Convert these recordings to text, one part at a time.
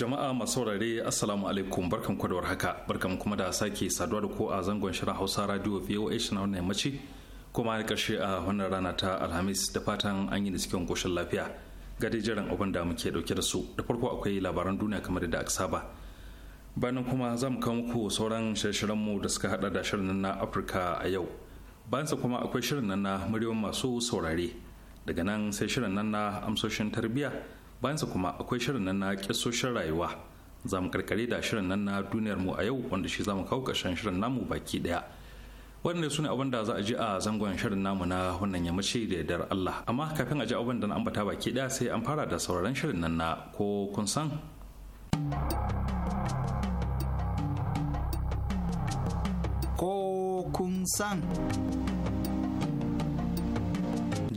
jama'a masu saurare assalamu alaikum barkan kwadawar haka barkan kuma da sake saduwa da ko a zangon shirin hausa radio voa na wannan yammaci kuma na karshe a wannan rana ta alhamis da fatan an yi da cikin koshin lafiya ga jiran abin da muke dauke da su da farko akwai labaran duniya kamar da aka saba bayan kuma za mu kawo muku sauran shirye mu da suka hada da shirin na afirka a yau bayan sa kuma akwai shirin nan na muryoyin masu saurare daga nan sai shirin nan na amsoshin tarbiyya bayansa kuma akwai shirin nan na kyasoshin rayuwa za mu karkare da shirin nan na duniyar mu a yau wanda shi za mu kawo ƙarshen shirin namu baki ɗaya waɗanda su ne abin da za a ji a zangon shirin namu na wannan yammaci da yardar Allah amma kafin a ji abin da na ambata baki ɗaya sai an fara da sauraron shirin nan na ko kun san ko kun san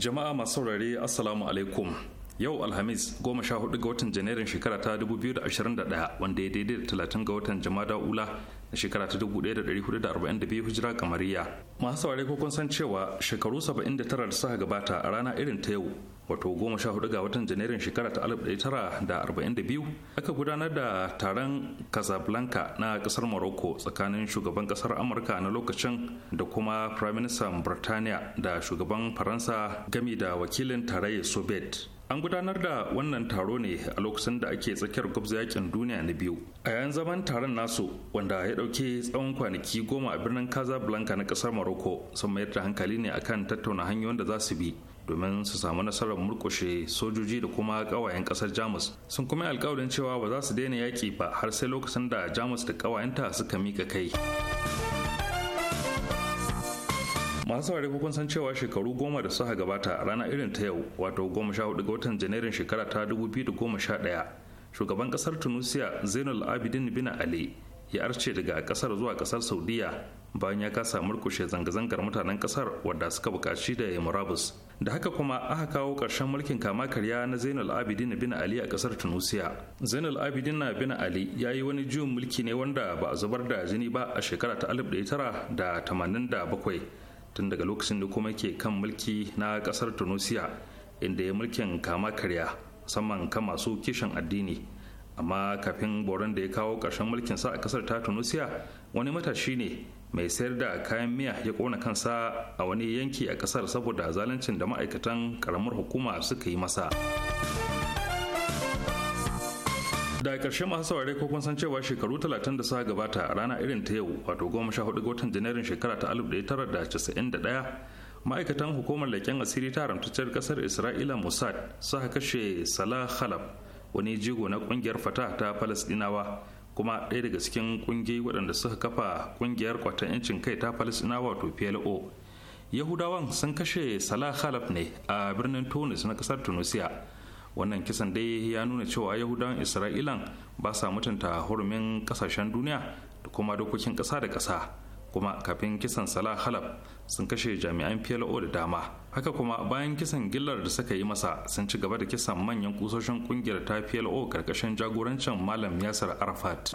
jama'a masu saurare assalamu alaikum yau alhamis goma sha hudu ga watan janairun shekara ta 2021 wanda ya daidai da talatin ga watan jama'a ula na shekara ta 1442 hijira kamariya masu saurari kokon san cewa shekaru 79 da suka gabata a rana irin ta yau wato goma sha hudu ga watan janairun shekara ta alif tara da da arba'in biyu, aka gudanar da taron casablanca na kasar morocco tsakanin shugaban kasar amurka na lokacin da kuma firaministan birtaniya da shugaban faransa gami da wakilin tarayya soviet an gudanar da wannan taro ne a lokacin da ake tsakiyar gwabza yakin duniya na biyu a yayin zaman taron nasu wanda ya dauke tsawon kwanaki goma a birnin casablanca na kasar morocco sun mayar da hankali ne akan tattauna hanyoyin da za su bi domin su samu nasarar murkushe sojoji da kuma kawayen kasar jamus sun kuma alkawarin cewa ba za su daina yaƙi ba har sai lokacin da jamus da kawayenta suka mika kai masu saurari kun san cewa shekaru goma da suka gabata rana irin ta yau wato goma sha hudu ga watan janairun shekara ta dubu biyu da goma sha ɗaya shugaban kasar tunisia zainul abidin bin ali ya arce daga kasar zuwa kasar saudiya bayan ya kasa murkushe zanga-zangar mutanen kasar wadda suka bukaci da ya murabus da haka kuma aka kawo ƙarshen mulkin kama karya na zainal abidin Bina ali a ƙasar tunisia zainal abidin na Bina ali ya yi wani juyin mulki ne wanda ba a zubar da jini ba a shekara ta alif da da tamanin bakwai tun daga lokacin da kuma ke kan mulki na ƙasar tunisia inda ya mulkin kama karya musamman kan masu kishin addini amma kafin boron da ya kawo ƙarshen mulkin sa a ƙasar ta tunisia wani matashi ne mai sayar da kayan miya ya kona kansa a wani yanki a kasar saboda zaluncin da ma'aikatan karamar hukuma suka yi masa da ƙarshe masu saurare ko kun san cewa shekaru 30 da suka gabata a rana irin ta yau wato 14 ga watan janairun shekara ta 1991 ma'aikatan hukumar leƙen asiri ta haramtacciyar ƙasar isra'ila mossad suka kashe salah khalab wani jigo na ƙungiyar fata ta falasɗinawa kuma ɗaya daga cikin ƙungiyoyi waɗanda suka kafa ƙungiyar kwatan 'yancin kai ta falasinawa wato plo yahudawan sun kashe salah khalaf ne a birnin tunis na ƙasar tunisia wannan kisan dai ya nuna cewa yahudawan isra'ilan ba sa mutunta hurumin ƙasashen duniya da kuma dokokin ƙasa da ƙasa kuma kafin kisan salah halab sun kashe jami'an plo da dama haka kuma bayan kisan gillar da suka yi masa sun ci gaba da kisan manyan kusoshin kungiyar ta plo karkashin jagorancin malam yasir arafat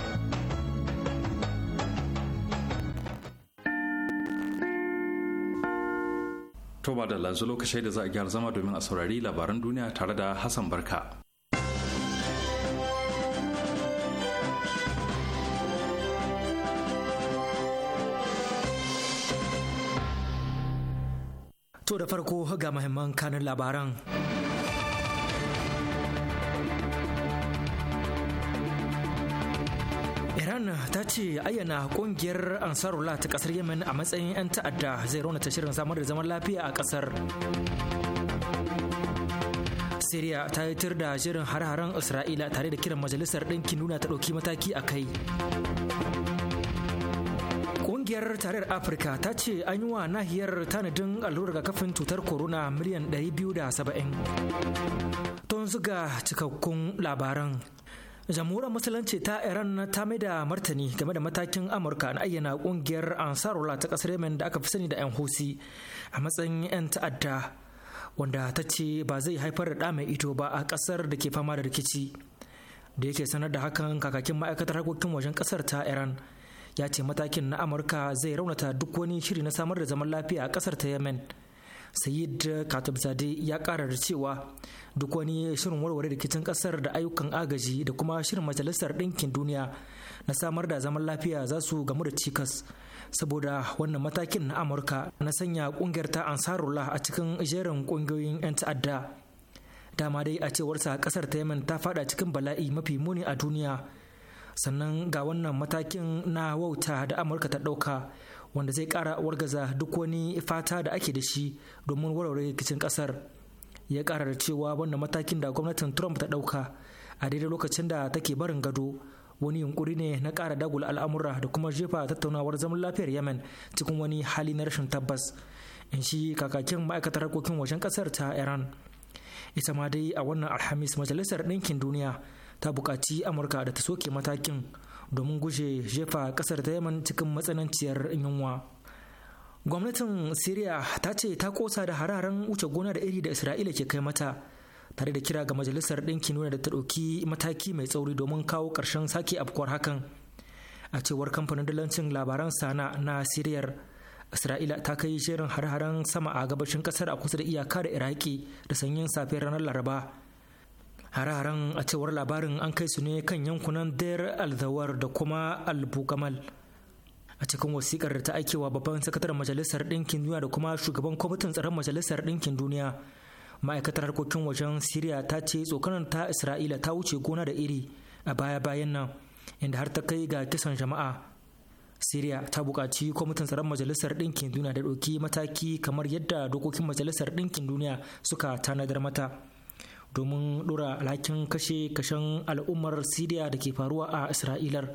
To ba da lanzu lokacin da za a gyara zama domin a saurari labaran duniya tare da Hassan Barka. To da farko ga mahimman kanin labaran. iran ta ce ayyana kungiyar ansarullah ta kasar yemen a matsayin 'yan ta'adda zai raunata shirin samar da zaman lafiya a kasar Siriya ta yi tir da shirin har-haren Isra'ila tare da kiran majalisar ɗinkin nuna ta ɗauki mataki a kai. Ƙungiyar tarayyar Afirka ta ce an yi wa nahiyar tanadin allurar kafin cutar korona miliyan 270. Tun zuga cikakkun labaran jamhuriyar musulunci ta iran ta mai da martani game da matakin amurka na ayyana kungiyar ansarullah ta kasar yemen da aka fi sani da yan husi a matsayin yan ta'adda wanda ta ce ba zai haifar da mai ito ba a kasar da ke fama da rikici da yake sanar da hakan kakakin ma'aikatar harkokin wajen kasar ta iran ya ce matakin na amurka zai raunata duk wani shiri na samar da zaman lafiya a kasar ta yemen sayid zade ya kara da cewa duk wani shirin warware rikicin kasar da ayyukan agaji da kuma shirin majalisar ɗinkin duniya na samar da zaman lafiya za su gamu da cikas saboda wannan matakin na amurka na sanya kungiyar ta ansarullah a cikin jerin kungiyoyin 'yan ta'adda dama dai a cewarsa kasar ta yemen ta fada cikin bala'i mafi muni a duniya sannan ga wannan matakin na wauta da amurka ta ɗauka wanda zai kara wargaza duk wani fata da ake da shi domin warware rikicin kasar ya kara da cewa wannan matakin da gwamnatin trump ta dauka a daidai lokacin da take barin gado wani yunkuri ne na kara dagula al'amura da kuma jefa tattaunawar zaman lafiyar yemen cikin wani hali na rashin tabbas in shi kakakin ma'aikatar harkokin wajen kasar ta iran ita ma dai a wannan alhamis majalisar ɗinkin duniya ta buƙaci amurka da ta soke matakin domin guje jefa kasar ta yaman cikin matsananciyar yunwa gwamnatin syria ta ce ta kosa da hararen wuce gona da iri da isra'ila ke kai mata tare da kira ga majalisar ɗinkin nuna da ta ɗauki mataki mai tsauri domin kawo ƙarshen sake afkuwar hakan a cewar kamfanin dalancin labaran sana na siriyar isra'ila ta kai shirin har-haren sama a gabashin kasar a kusa da iyaka da iraki da sanyin safiyar ranar laraba hare a cewar labarin an kai su ne kan yankunan dayar alzawar da kuma albugamal a cikin wasikar da ta aikewa babban sakataren majalisar ɗinkin duniya da kuma shugaban kwamitin tsaron majalisar ɗinkin duniya ma'aikatar harkokin wajen siriya ta ce tsokanar ta isra'ila ta wuce gona da iri a baya-bayan nan inda har ta kai ga kisan jama'a siriya ta buƙaci kwamitin tsaron majalisar ɗinkin duniya da ɗauki mataki kamar yadda dokokin majalisar ɗinkin duniya suka tanadar mata domin ɗora alhakin kashe kashen al'ummar siriya da ke faruwa a isra'ilar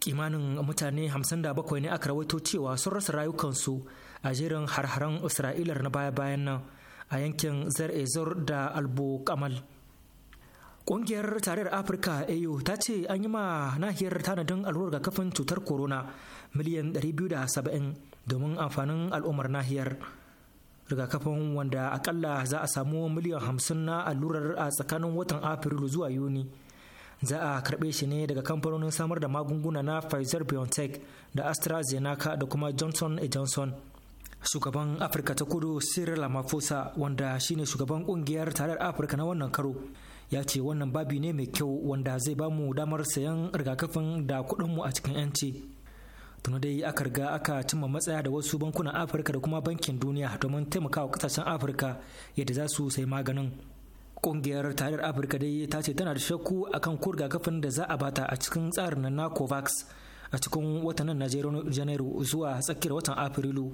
kimanin mutane 57 ne aka rawaito cewa sun rasa rayukansu a jerin harharen isra'ilar na baya-bayan nan a yankin zar ezor da albo kamal Ƙungiyar Tarayyar Afirka AU ta ce an yi ma nahiyar tanadin ga kafin cutar corona miliyan 270 domin amfanin al'ummar nahiyar. rigakafin wanda akalla za a samu miliyan hamsin na allurar a tsakanin watan afrilu zuwa yuni za a karɓe shi ne daga kamfanonin samar da magunguna na pfizer biontech da astrazeneca da kuma johnson johnson shugaban afirka ta kudu cyril ramaphosa wanda shine shugaban kungiyar tarar afirka na wannan karo ya ce wannan babi ne mai kyau wanda zai bamu damar sayan rigakafin da kuɗinmu a cikin 'yanci tuna dai aka riga aka cimma matsaya da wasu bankunan afirka da kuma bankin duniya domin taimakawa kasashen afirka yadda za su sai maganin kungiyar tarayyar afirka dai ta ce tana da shakku akan kurga kafin da za a bata a cikin tsarin na covax a cikin watanin na janairu zuwa tsakiyar watan afrilu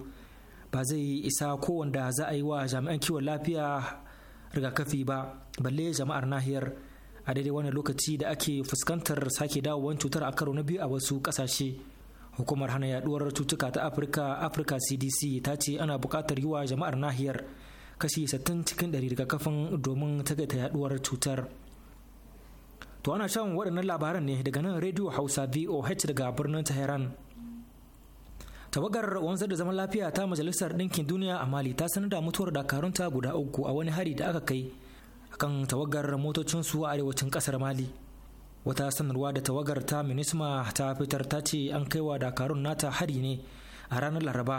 ba zai isa kowanda za a yi wa jami'an kiwon lafiya rigakafi ba balle jama'ar nahiyar a daidai wannan lokaci da ake fuskantar sake dawowan cutar a karo na biyu a wasu kasashe hukumar hana yaduwar cutuka ta afirka afirka cdc ta ce ana bukatar yi wa jama'ar nahiyar kashi 60 cikin 100 rigakafin domin ta yaduwar cutar to ana shan waɗannan labaran ne daga nan rediyo hausa voh daga birnin tehran tawagar wanzar da zaman lafiya ta majalisar ɗinkin duniya a mali ta sanar da mutuwar dakarunta guda uku a wani hari da aka kai akan tawagar motocinsu a arewacin ƙasar mali wata sanarwa da tawagar ta minisma ta fitar ta ce an kai wa dakarun nata hari ne a ranar laraba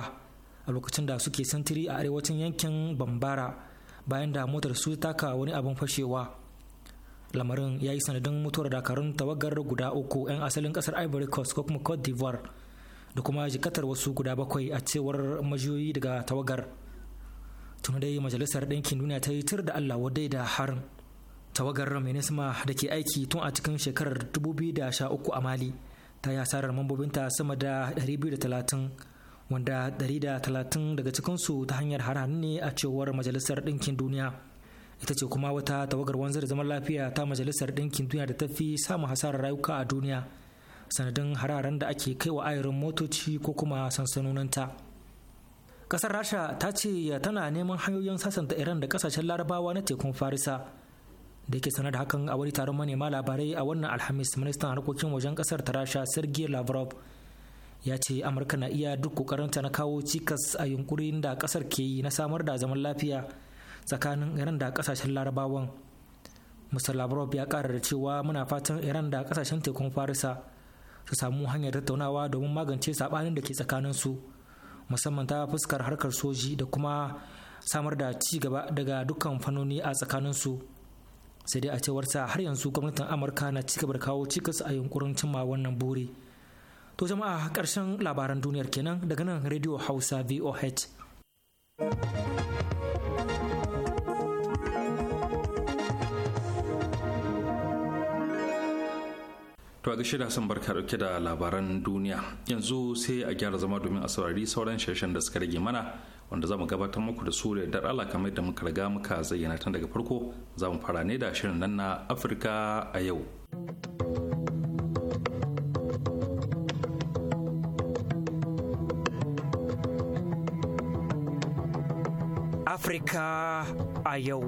a lokacin da suke sintiri a arewacin yankin bambara bayan da motar su taka wani abin fashewa lamarin ya yi sanadin mutuwar dakarun tawagar guda uku 'yan asalin kasar ivory coast ko kuma cote d'ivoire da kuma jikatar wasu guda bakwai a cewar majiyoyi daga tawagar tun dai majalisar ɗinkin duniya ta yi tur da allah wadai da harin tawagar minisma da ke aiki tun a cikin shekarar 2013 a mali ta yi hasarar mambobinta sama da 230 wanda 130 daga cikinsu ta hanyar harhanu ne a cewar majalisar ɗinkin duniya ita ce kuma wata tawagar wanzar zaman lafiya ta majalisar ɗinkin duniya da ta fi samun hasarar rayuka a duniya sanadin hararen da ake kaiwa ayarin motoci ko kuma sansanoninta ƙasar rasha ta ce tana neman hanyoyin sasanta iran da ƙasashen larabawa na tekun farisa da ke sanar da hakan a wani taron manema labarai a wannan alhamis ministan harkokin wajen kasar tarasha rasha sergei lavrov ya ce amurka na iya duk kokarinta na kawo cikas a yunkurin da kasar ke yi na samar da zaman lafiya tsakanin iran da kasashen larabawan mr lavrov ya kara da cewa muna fatan iran da kasashen tekun farisa su samu hanyar tattaunawa domin magance saɓanin da ke tsakanin su musamman ta fuskar harkar soji da kuma samar da ci gaba daga dukkan fannoni a tsakanin su sai dai a cewar sa har yanzu gwamnatin amurka na ci gaba da kawo cikas a yunkurin cimma wannan buri to jama'a karshen labaran duniyar kenan daga nan rediyo hausa voh To a gashi da son barka dauke da labaran duniya yanzu sai a gyara zama domin a saurari sauran shashen da suka rage mana wanda za mu gabatar muku da su da dar Allah kamar da muka riga muka zayyana tun daga farko za mu fara ne da shirin nan na Afirka a yau. Afirka a yau.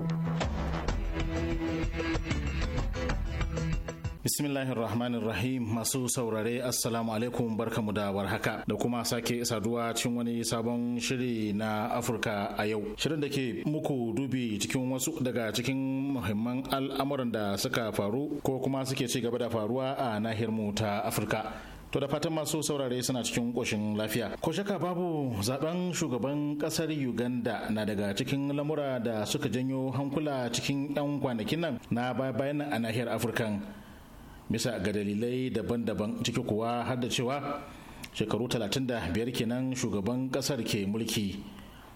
Bismillahirrahmanirrahim masu saurare assalamu alaikum barkamu da warhaka da kuma sake saduwa cikin wani sabon shiri na Afirka a yau. Shirin da ke muku dubi cikin wasu daga cikin muhimman al'amuran da suka faru ko kuma suke ci gaba da faruwa a nahiyar mu ta Afirka. To da fatan masu saurare suna cikin ƙoshin lafiya. Ko shaka babu zaben shugaban ƙasar Uganda na daga cikin lamura da suka janyo hankula cikin 'yan kwanakin nan na bayan a nahiyar Afirkan. bisa ga dalilai daban-daban ciki kuwa har da cewa shekaru 35 kenan shugaban kasar ke mulki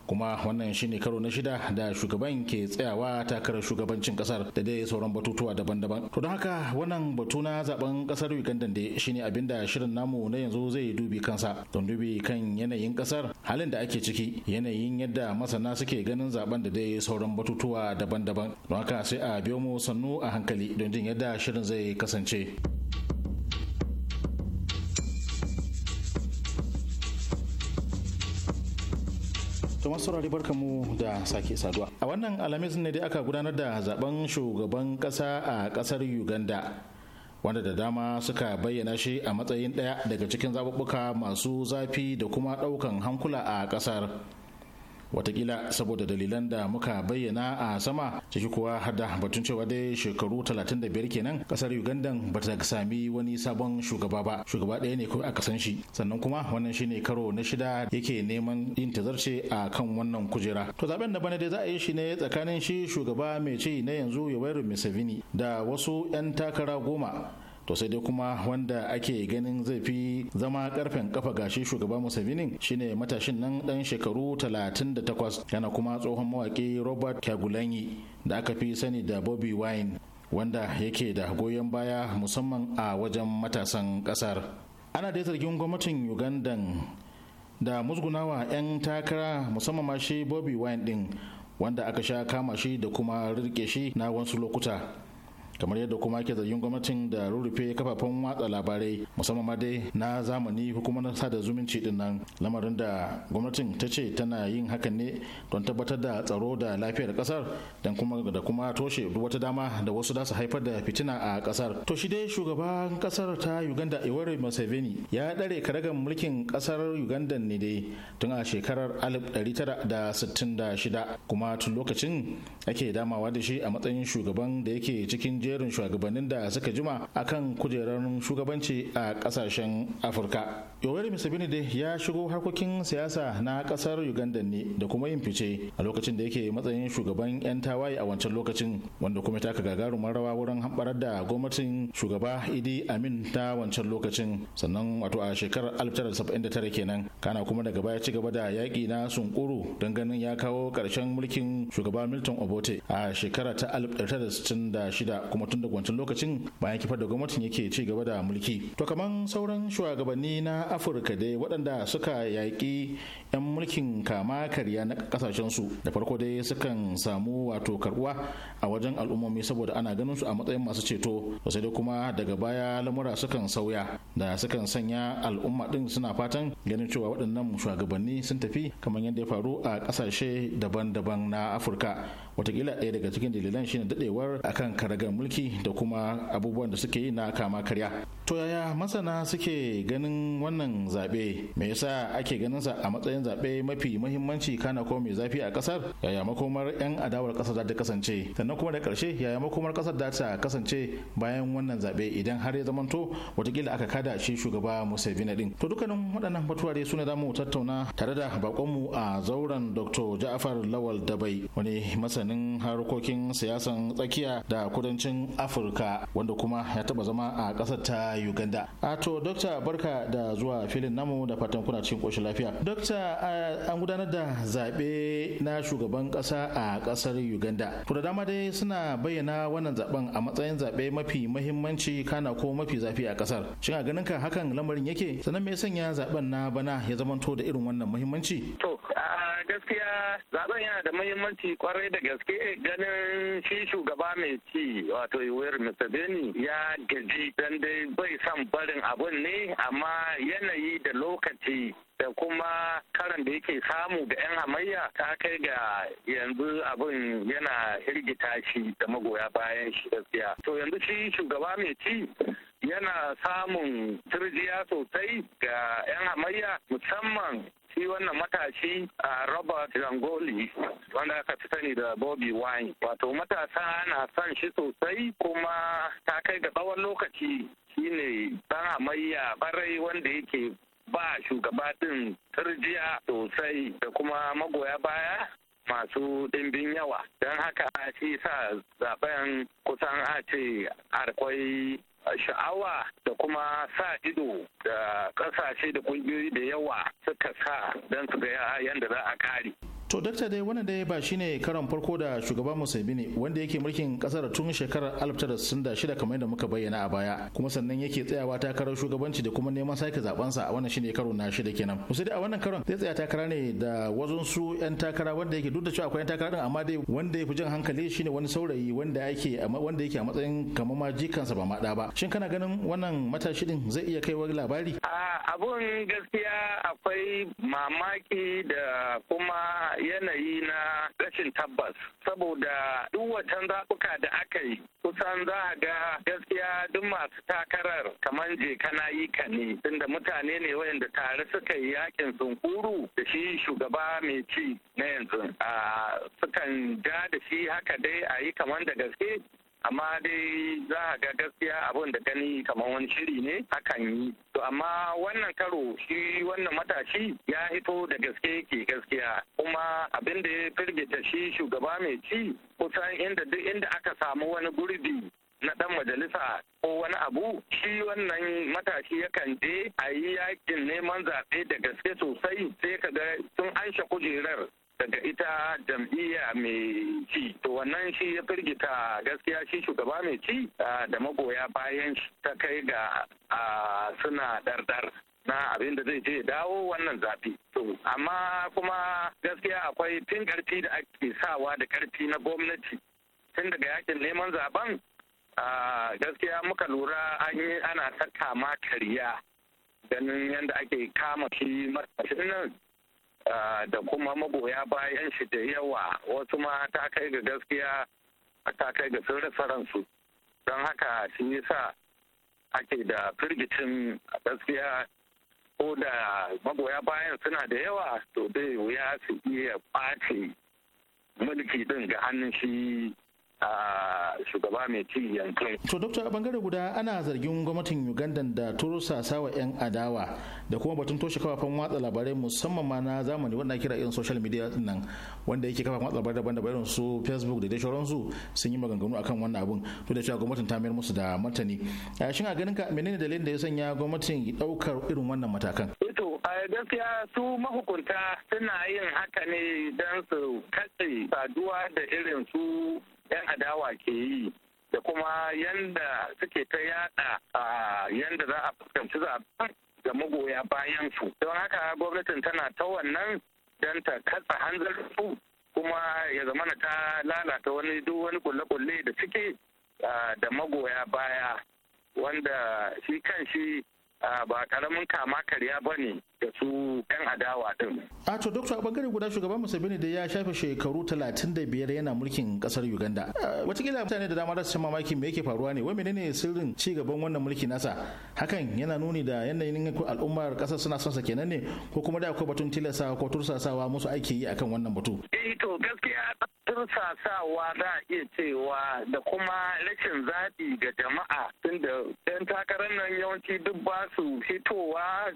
kuma wannan shine karo na shida da shugaban ke tsayawa takarar shugabancin kasar da dai sauran batutuwa daban-daban to don haka wannan batu na zaben kasar uganda da shine abin da shirin namu na yanzu zai dubi kansa don dubi kan yanayin kasar halin da ake ciki yanayin yadda masana suke ganin zaben da dai sauran batutuwa daban-daban don haka sai a biyo mu sannu a hankali don jin yadda shirin zai kasance. To masu saurari barka mu da sake saduwa. A wannan alamis ne dai aka gudanar da zaben shugaban kasa a kasar Uganda. Wanda da dama suka bayyana shi a matsayin daya daga cikin zaɓuɓɓuka masu zafi da kuma ɗaukan hankula a ƙasar. watakila saboda dalilan da muka bayyana a sama ciki kuwa hada batun cewa dai shekaru 35 kenan kasar uganda ba ta sami wani sabon shugaba ba shugaba ɗaya ne kawai aka san shi sannan kuma wannan shine karo na shida yake neman yin tazarce a kan wannan kujera to zaben da bana dai za a yi shi ne tsakanin shi shugaba mai ci na yanzu yoweri museveni da wasu 'yan takara goma to sai dai kuma wanda ake ganin zai fi zama karfen kafa gashi shugaba museveni shine matashin nan dan shekaru 38 yana kuma tsohon mawaki robert kyagulanyi da aka fi sani da bobby wine wanda yake da goyon baya musamman a wajen matasan kasar ana da zargin gwamnatin uganda da musgunawa 'yan takara musamman ma shi bobby wine din wanda aka sha kama shi da kuma rirke shi na wasu lokuta kamar yadda kuma ke zargin gwamnatin da rurrufe kafafen watsa labarai musamman ma dai na zamani hukumar sada zumunci din nan lamarin da gwamnatin ta ce tana yin hakan ne don tabbatar da tsaro da lafiyar kasar dan kuma da kuma toshe duk wata dama da wasu da su haifar da fitina a kasar to shi dai shugaban kasar ta Uganda Yoweri Museveni ya dare karagan mulkin kasar Uganda ne dai tun a shekarar 1966 kuma tun lokacin ake damawa da shi a matsayin shugaban da yake cikin jerin shugabannin da suka jima a kan kujerar shugabanci a kasashen afirka yoweri museveni dai ya shigo harkokin siyasa na kasar uganda ne da kuma yin fice a lokacin da yake matsayin shugaban 'yan tawaye a wancan lokacin wanda kuma taka gagarumar rawa wurin hamɓarar da gwamnatin shugaba idi amin ta wancan lokacin sannan wato a shekarar 1979 kenan kana kuma daga baya ci gaba da yaƙi na sunkuru don ganin ya kawo ƙarshen mulkin shugaba milton obote a shekara ta 1966 kuma tun daga wancan lokacin bayan kifar da gwamnatin yake ci gaba da mulki to kaman sauran shugabanni na afirka dai waɗanda suka yaƙi 'yan mulkin kama karya na kasashensu da farko dai sukan samu wato karbuwa a wajen al'ummomi saboda ana ganin su a matsayin masu ceto sai dai kuma daga baya lamura sukan sauya da sukan sanya al'umma din suna fatan ganin cewa waɗannan shugabanni sun tafi kamar yadda ya faru a ƙasashe daban-daban na afirka watakila ɗaya daga cikin dalilan shine dadewar akan karagar mulki da kuma abubuwan da suke yi na kama karya to yaya masana suke ganin wannan zaɓe me yasa ake ganin sa a matsayin zaɓe mafi muhimmanci kana ko mai zafi a ƙasar yaya makomar 'yan adawar ƙasar za ta kasance sannan kuma da ƙarshe yaya makomar ƙasar za ta kasance bayan wannan zaɓe idan har ya zamanto watakila aka kada shi shugaba museveni din to dukkanin waɗannan batuware su ne za mu tattauna tare da bakonmu a zauren dr ja'afar lawal dabai wani masani masanin harkokin siyasan tsakiya da kudancin afirka wanda kuma ya taba zama a ƙasar ta uganda a to dokta barka da zuwa filin namu da fatan kuna cikin ƙoshin lafiya dokta an gudanar da zaɓe na shugaban ƙasa a ƙasar uganda to da dama dai suna bayyana wannan zaben a matsayin zaɓe mafi mahimmanci kana ko mafi zafi a ƙasar shin a ganin ka hakan lamarin yake sannan me sanya zaben na bana ya zamanto da irin wannan muhimmanci gaskiya zaben yana da muhimmanci kwarai da gaske ganin shi shugaba mai ci wato Yoweri Museveni ya gaji dan dai bai son barin abun ne amma yanayi da lokaci da kuma karan da yake samu ga 'yan hamayya ta kai ga yanzu abin yana hirgita shi da magoya bayan shi gaskiya. To yanzu shi shugaba mai ci yana samun turjiya sosai ga 'yan hamayya musamman shi wannan matashi a Robert Zangoli wanda aka fi sani da Bobby Wine. Wato matasa na son shi sosai kuma ta kai ga tsawon lokaci shine ɗan hamayya barai wanda yake ba shugaba ɗin turjiya sosai da kuma magoya baya masu ɗimbin yawa don haka shi sa zaben kusan a ce akwai sha'awa da kuma sa ido da kasashe da ƙungiyoyi da yawa suka sa don su ga yadda za a kare. to dakta dai wannan dai ba shine karon farko da shugaban museveni wanda yake mulkin kasar tun shekarar 1966 kamar yadda muka bayyana a baya kuma sannan yake tsayawa takarar shugabanci da kuma neman sake zabansa a wannan shine karo na shida kenan dai a wannan karon zai tsaya takara ne da wazon su yan takara wanda yake duk da cewa akwai yan takara din amma dai wanda ya fi jan hankali shine wani saurayi wanda yake wanda yake a matsayin kamar ma jikansa ba ma da ba shin kana ganin wannan matashi din zai iya kaiwa labari A abun gaskiya akwai mamaki da kuma yanayi na rashin tabbas saboda duk watan zaɓuka da aka yi kusan za a ga gaskiya duk masu takarar kamar je kana yi ka ne tunda mutane ne wayanda tare suka yi yakin sunkuru da shi shugaba mai ci na yanzu a ah, sukan ja da shi haka dai a yi kamar da gaske amma dai za a ga gaskiya abin da gani kamar wani shiri ne hakan yi to amma wannan karo shi wannan matashi ya hito da gaske ke gaskiya kuma abin da ya firgita shi shugaba mai ci kusan inda duk inda aka samu wani gurbi na dan majalisa ko wani abu shi wannan matashi yakan je a yi yakin neman zaɓe da gaske sosai sai ka ga sun ansha kujerar daga ita jam'iyya mai ci to wannan shi ya firgita gaskiya shi shugaba mai ci ah, da magoya bayan ta kai ga ah, suna dardar na abin da zai je dawo wannan zafi to amma kuma gaskiya akwai tun karfi da ake sawa da karfi na gwamnati tun daga yakin neman zaben ah, gaskiya muka lura an yi ana ta kama karya ganin yadda ake kama shi matashin nan da kuma magoya bayan shi da yawa wasu ma ta kai ga gaskiya ta kai ga sun rasa don haka shi yasa ake da firgicin gaskiya ko da magoya bayan suna da yawa to dai wuya su iya ɓace mulki din ga hannun shi shugaba mai ci yankin. To dokta a bangare guda ana zargin gwamnatin Uganda da turusa wa 'yan adawa da kuma batun toshe kafafen watsa labarai musamman ma na zamani wanda kira irin social media nan wanda yake kafafen watsa labarai daban daban irin su Facebook da dai sauransu sun yi maganganu akan wannan abun to da cewa gwamnatin ta mayar musu da martani. Shin a ganin ka menene dalilin da ya sanya gwamnatin ɗaukar irin wannan matakan? Eh gaskiya su mahukunta suna yin haka ne don su katse saduwa da irin su 'yan adawa ke yi da kuma yanda suke ta yada yanda za a fuskanci zaben ga magoya bayan su don haka gwamnatin tana ta wannan don ta katsa hanzar su kuma ya zamana ta lalata wani duk wani kulle-kulle da suke da magoya baya wanda shi kan shi ba karamin kama karya ba ne da su kan adawa din. A to dokta a bangare guda shugaban Museveni da ya shafe shekaru 35 yana mulkin kasar Uganda. Watakila mutane da dama su mamaki me yake faruwa ne wai menene sirrin ci gaban wannan mulki nasa hakan yana nuni da yanayin al'ummar kasar suna son sa kenan ne ko kuma da akwai batun tilasa ko tursasawa musu aiki yi akan wannan batu. Eh to gaskiya tursasawa za a iya cewa da kuma rashin zaɓi ga jama'a tunda 'yan takarar nan yawanci duk ba su fitowa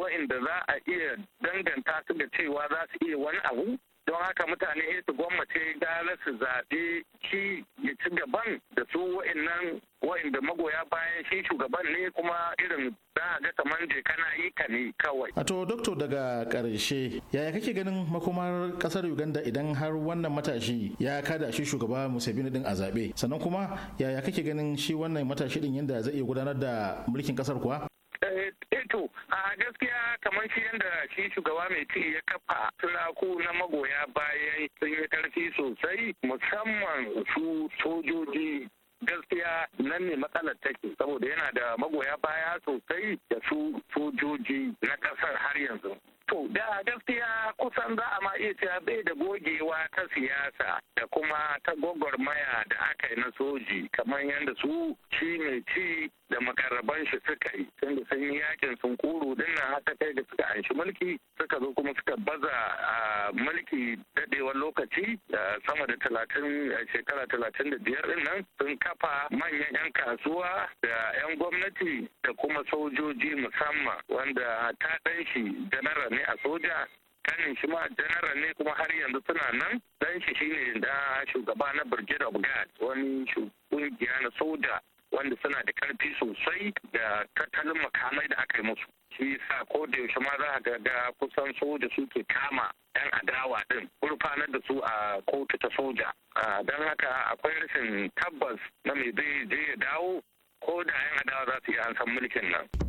wa'inda za a iya danganta su da cewa za su iya wani abu don haka mutane ya su gwammace gara su zaɓe shi ya ci gaban da su wa'innan wa'inda magoya bayan shi shugaban ne kuma irin za a ga kamar je kana yi ka ne kawai. A to doktor daga ƙarshe yaya kake ganin makomar kasar Uganda idan har wannan matashi ya kada shi shugaba Museveni din a zaɓe sannan kuma yaya kake ganin shi wannan matashi din yadda zai iya gudanar da mulkin ƙasar kuwa? eto eh, eh, to, a gaskiya kamar shi yadda shi shugaba mai ci ya kafa sunaku na magoya bayan sun yi karfi sosai musamman su sojoji gaskiya nan ne matsalar take saboda yana da magoya baya sosai da su sojoji na kasar har yanzu To da gaskiya kusan za a ma iya bai da gogewa ta siyasa da kuma ta gwagwarmaya da aka yi na soji kamar yadda su shi mai ci da makarraban shi suka yi da sun yi yakin sun kuro din nan har ta kai da suka anshi mulki suka zo kuma suka baza a mulki dadewar lokaci sama da talatin shekara talatin da biyar din nan sun kafa manyan 'yan kasuwa da 'yan gwamnati da kuma sojoji musamman wanda ta ɗan shi janaral ne a soja kanin shi ma janaral ne kuma har yanzu suna nan dan shi shine da shugaba na brigade of guard wani kungiya na soja wanda suna da karfi sosai da tattalin makamai da aka yi musu shi yasa ko da yaushe ma za ga ga kusan soja suke kama yan adawa din gurfanar da su a kotu ta soja don haka akwai rashin tabbas na mai zai je ya dawo ko da yan adawa za su yi an san mulkin nan.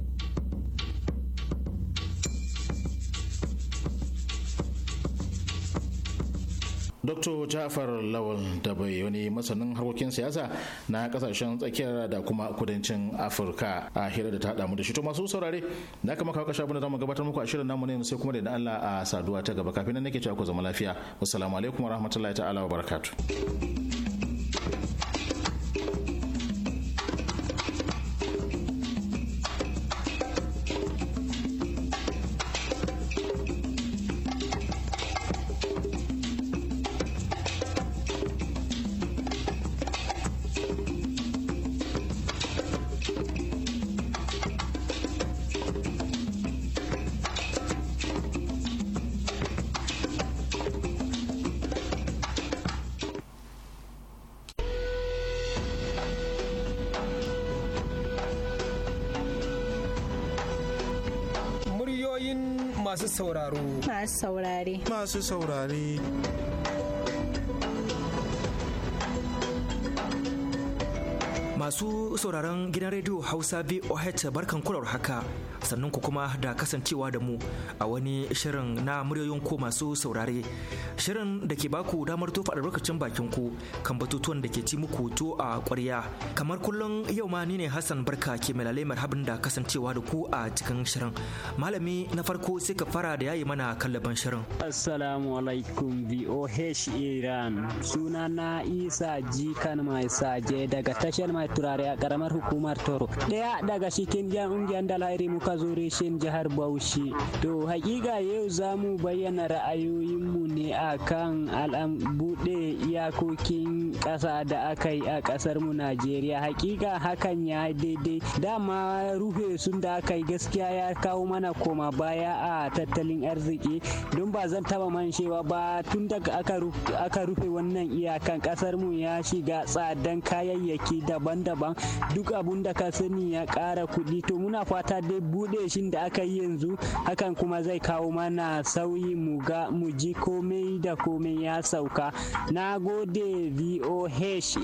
dr jafar lawal da bai wani masanin harkokin siyasa na kasashen tsakiyar da kuma kudancin afirka a hira da ta damu da shi to masu saurare na kama kawo kasha abinda zamu gabatar muku a shirin namu ne sai kuma da allah a saduwa ta gaba kafin nan nake cewa ku zama lafiya assalamu alaikum warahmatullahi ta'ala wa barakatu. saurare. Masu saurare. Masu sauraron gidan rediyo Hausa VOH barkan kular haka sannan ku kuma da kasancewa da mu a wani shirin na muryoyin ku masu saurare. Shirin da ke baku damar tofa lokacin bakin ku kan batutuwan da ke ci muku to a ƙwarya. Kamar kullum yau ma ni ne Hassan Barka ke malalai marhabin da kasancewa da ku a cikin shirin. Malami na farko sai ka fara da yayi mana kallaban shirin. Assalamu alaikum VOH Iran. Sunana Isa Jikan Mai Saje daga tashar mai turare a karamar hukumar toro daya daga cikin jami'an mu muka zo reshen jihar bauchi to hakika yau za mu bayyana ra'ayoyinmu ne akan al'am buɗe iyakokin ƙasa da aka yi a ƙasar mu najeriya hakika hakan ya daidai dama rufe sun da aka yi gaskiya ya kawo mana koma baya a tattalin arziki don ba zan taba manshewa ba tun daga aka rufe wannan iyakan Ƙasarmu mu ya shiga tsadan kayayyaki daban-daban duk abun da ka sani ya kara kuɗi to muna fata dai buɗe shin da aka yi yanzu hakan kuma zai kawo mana sauyi mu ga mu ji komai da komai ya sauka na gode voh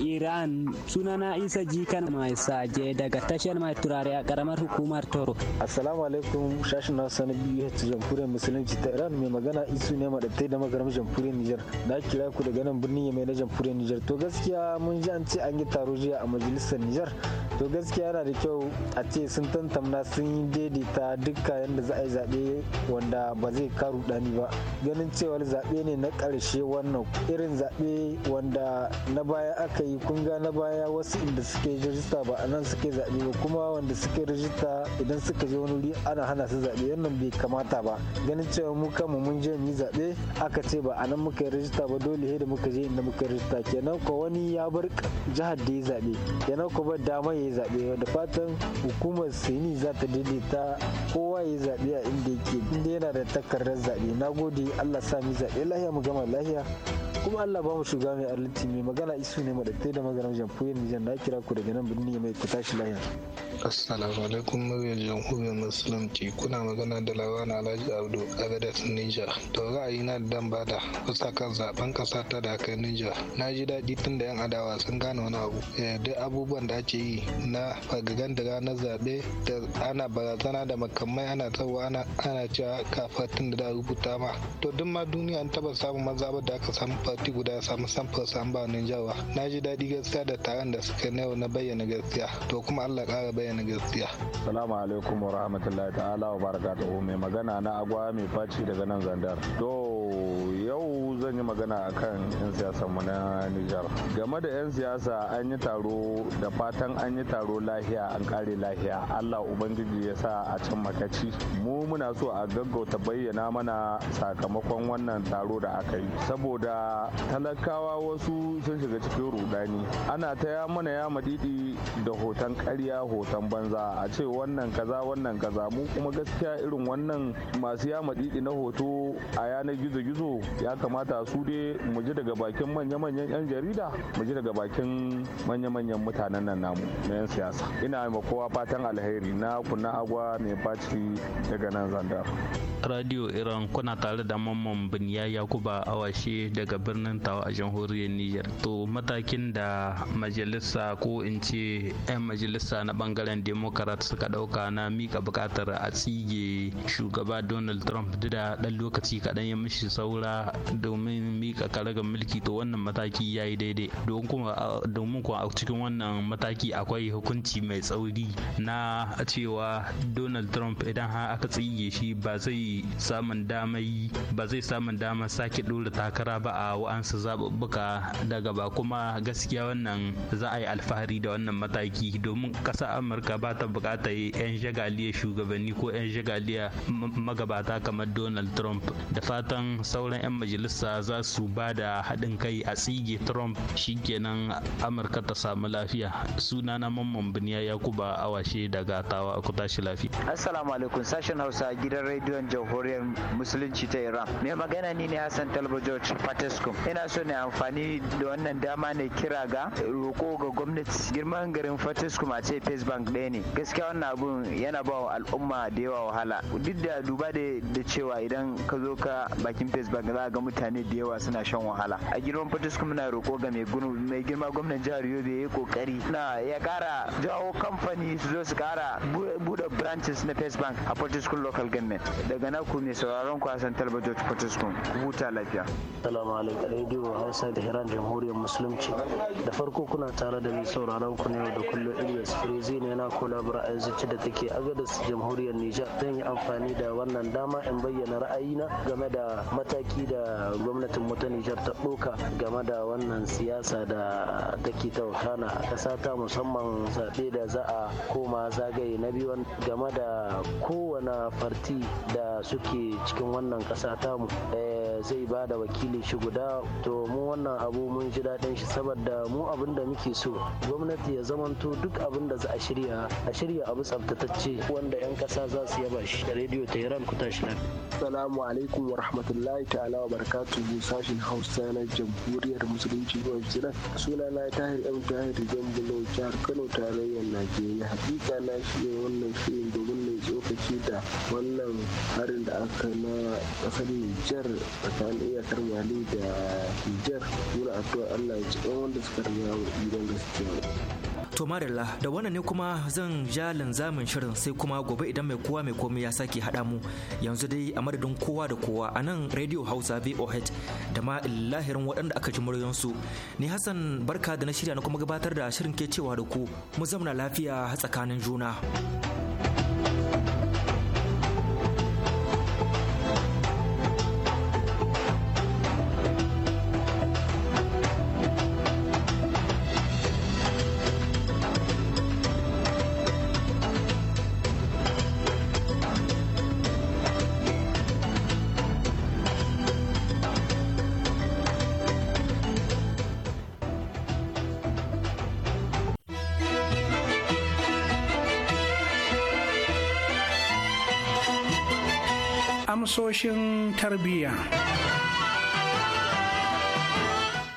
iran sunana isa jikan mai saje daga tashar mai turare a karamar hukumar toro assalamu alaikum shashin na sani biyu jamhuriyar musulunci ta iran mai magana isu ne madattai da magaram jamhuriyar nijar na kira ku daga nan birnin yamai na jamhuriyar nijar to gaskiya mun ji an ce an yi taro jiya a majalisar nijar to gaskiya yana da kyau a ce sun tantamna sun yi daidaita duka yadda za a yi zaɓe wanda ba zai karu ɗani ba ganin cewar zaɓe ne na ƙarshe wannan irin zaɓe wanda na baya aka yi kunga na baya wasu inda suke rajista ba a nan suke zaɓe ba kuma wanda suke rajista idan suka je wani wuri ana hana su zaɓe wannan bai kamata ba ganin cewa mu kanmu mun je mu yi zaɓe aka ce ba a nan muka yi rajista ba dole da muka je inda muka yi rajista kenan ko wani ya bar jihar da ya zaɓe kenan ko ba dama ya yi zaɓe da fatan hukumar sini za ta daidaita kowa ya yi zaɓe a inda yake inda yana da takardar zaɓe na gode allah sa mu zaɓe lahiya mu gama lahiya kuma allah ba mu shiga mai arziki mai magana isu ne maɗaɗai da maganar jamfoyin nijar na kira ku daga nan birni mai ku tashi lahiya. Assalamu alaikum muryar jamhuriyar musulunci kuna magana da lawan Alhaji Abdu Agadat nija To na da dan bada kusa kan zaben kasa ta da kai Niger. Na ji daɗi tun da yan adawa sun gane wani abu. Eh, duk abubuwan da ake yi na fagagan da ranar zaɓe da ana barazana da makamai ana tsawo ana ana cewa kafatin da da rubuta ma. To duk ma duniya an taɓa samun mazaɓar da aka samu fati guda ya samu samfar samun ba wa Na ji daɗi gaskiya da taron da suka na yau na bayyana gaskiya. To kuma Allah ƙara bayyana bayyana gaskiya salamu alaikum wa rahmatullahi ta'ala wa barakatuhu mai magana na agwa mai faci daga nan zandar to yau zan yi magana akan yan siyasar mu na Nijar game da yan siyasa an yi taro da fatan an yi taro lahiya an kare lahiya Allah ubangiji ya sa a can makaci mu muna so a gaggauta bayyana mana sakamakon wannan taro da aka yi saboda talakawa wasu sun shiga cikin rudani ana ta ya mana ya madidi da hoton karya hoton wasan banza a ce wannan kaza wannan kaza mu kuma gaskiya irin wannan masu yama didi na hoto a yanar gizo-gizo ya kamata su dai mu ji daga bakin manya-manyan 'yan jarida mu ji daga bakin manya-manyan mutanen nan namu na 'yan siyasa ina ma kowa fatan alheri na kunna agwa mai baci daga nan zandar radio iran kuna tare da mamman biniya yakuba awashe daga birnin tawa a jamhuriyar niger to matakin da majalisa ko in ce 'yan majalisa na bangare. bangaren democrat suka dauka na mika bukatar a tsige shugaba donald trump da dan lokaci kaɗan ya mishi saura domin mika karagar mulki to wannan mataki ya yi daidai domin kuma a cikin wannan mataki akwai hukunci mai tsauri na cewa donald trump idan har aka tsige shi ba zai samun damai ba zai samun damar sake dora takara ba a wa'ansu zaɓuɓɓuka daga ba kuma gaskiya wannan za a yi alfahari da wannan mataki domin ƙasa amurka amurka ba ta bukatar yan jagaliya shugabanni ko yan jagaliya magabata kamar donald trump da fatan sauran yan majalisa za su ba da haɗin kai a tsige trump shikenan amurka ta samu lafiya sunana mamman biniya yakuba awashe daga tawa ku tashi lafiya assalamu alaikum sashen hausa gidan rediyon jamhuriyar musulunci ta iran mai magana ni ne hassan talba george patescu ina so ne amfani da wannan dama ne kira ga roko ga gwamnati girman garin patescu a ce bank. ɗaya ne gaskiya wannan abun yana ba wa al'umma da yawa wahala duk da duba da cewa idan ka zo ka bakin facebook za a ga mutane da yawa suna shan wahala a girman fatis kuma na roƙo ga mai girma gwamnan jihar yobe ya yi kokari na ya kara jawo kamfani su zo su kara buɗe branches na first bank a fortiskun local government daga na ku mai sauraron kwasan talbajo ta fortiskun huta lafiya salamu alaikum radio hausa da hiran jamhuriyar musulunci da farko kuna tare da mai sauraron ku ne da kullum ilyas firizi ne yana kula a yanzu da take agadas jamhuriyar nijar zan yi amfani da wannan dama in bayyana ra'ayina game da mataki da gwamnatin mutan nijar ta ɗoka game da wannan siyasa da take ta wakana a ƙasa ta musamman zaɓe da za a koma zagaye na biyu game da kowane farti da suke cikin wannan ƙasa mu eh, zai ba da wakili shi guda to mu wannan abu mun ji daɗin shi saboda mu abin da muke so gwamnati ya zamanto duk abin da za a shirya najeriya a shirya abu tsabtatacce wanda 'yan kasa za su yaba shi da rediyo ta iran ku tashi nan salamu alaikum wa rahmatullahi ta'ala wa mu sashin hausa na jamhuriyar musulunci ko jiran suna na tahir yan tahir jambulo jihar kano tarayyar najeriya hakika na shirya wannan shirin domin mai tsokaci da wannan harin da aka na kasar nijar tsakanin iyakar mali da nijar a addu'a allah ya ci wanda suka riga idan gaskiya To Marilla, da wannan ne kuma zan ja linzamin shirin sai kuma gobe idan mai kowa mai komai ya sake haɗa mu yanzu dai a madadin kowa da kowa a nan Radio Hausa VOH da ma lahirin waɗanda aka ji muryansu. Ni Hassan barka da na shirya na kuma gabatar da shirin ke cewa da ku mu zamna lafiya tsakanin juna. sashen tarbiyya.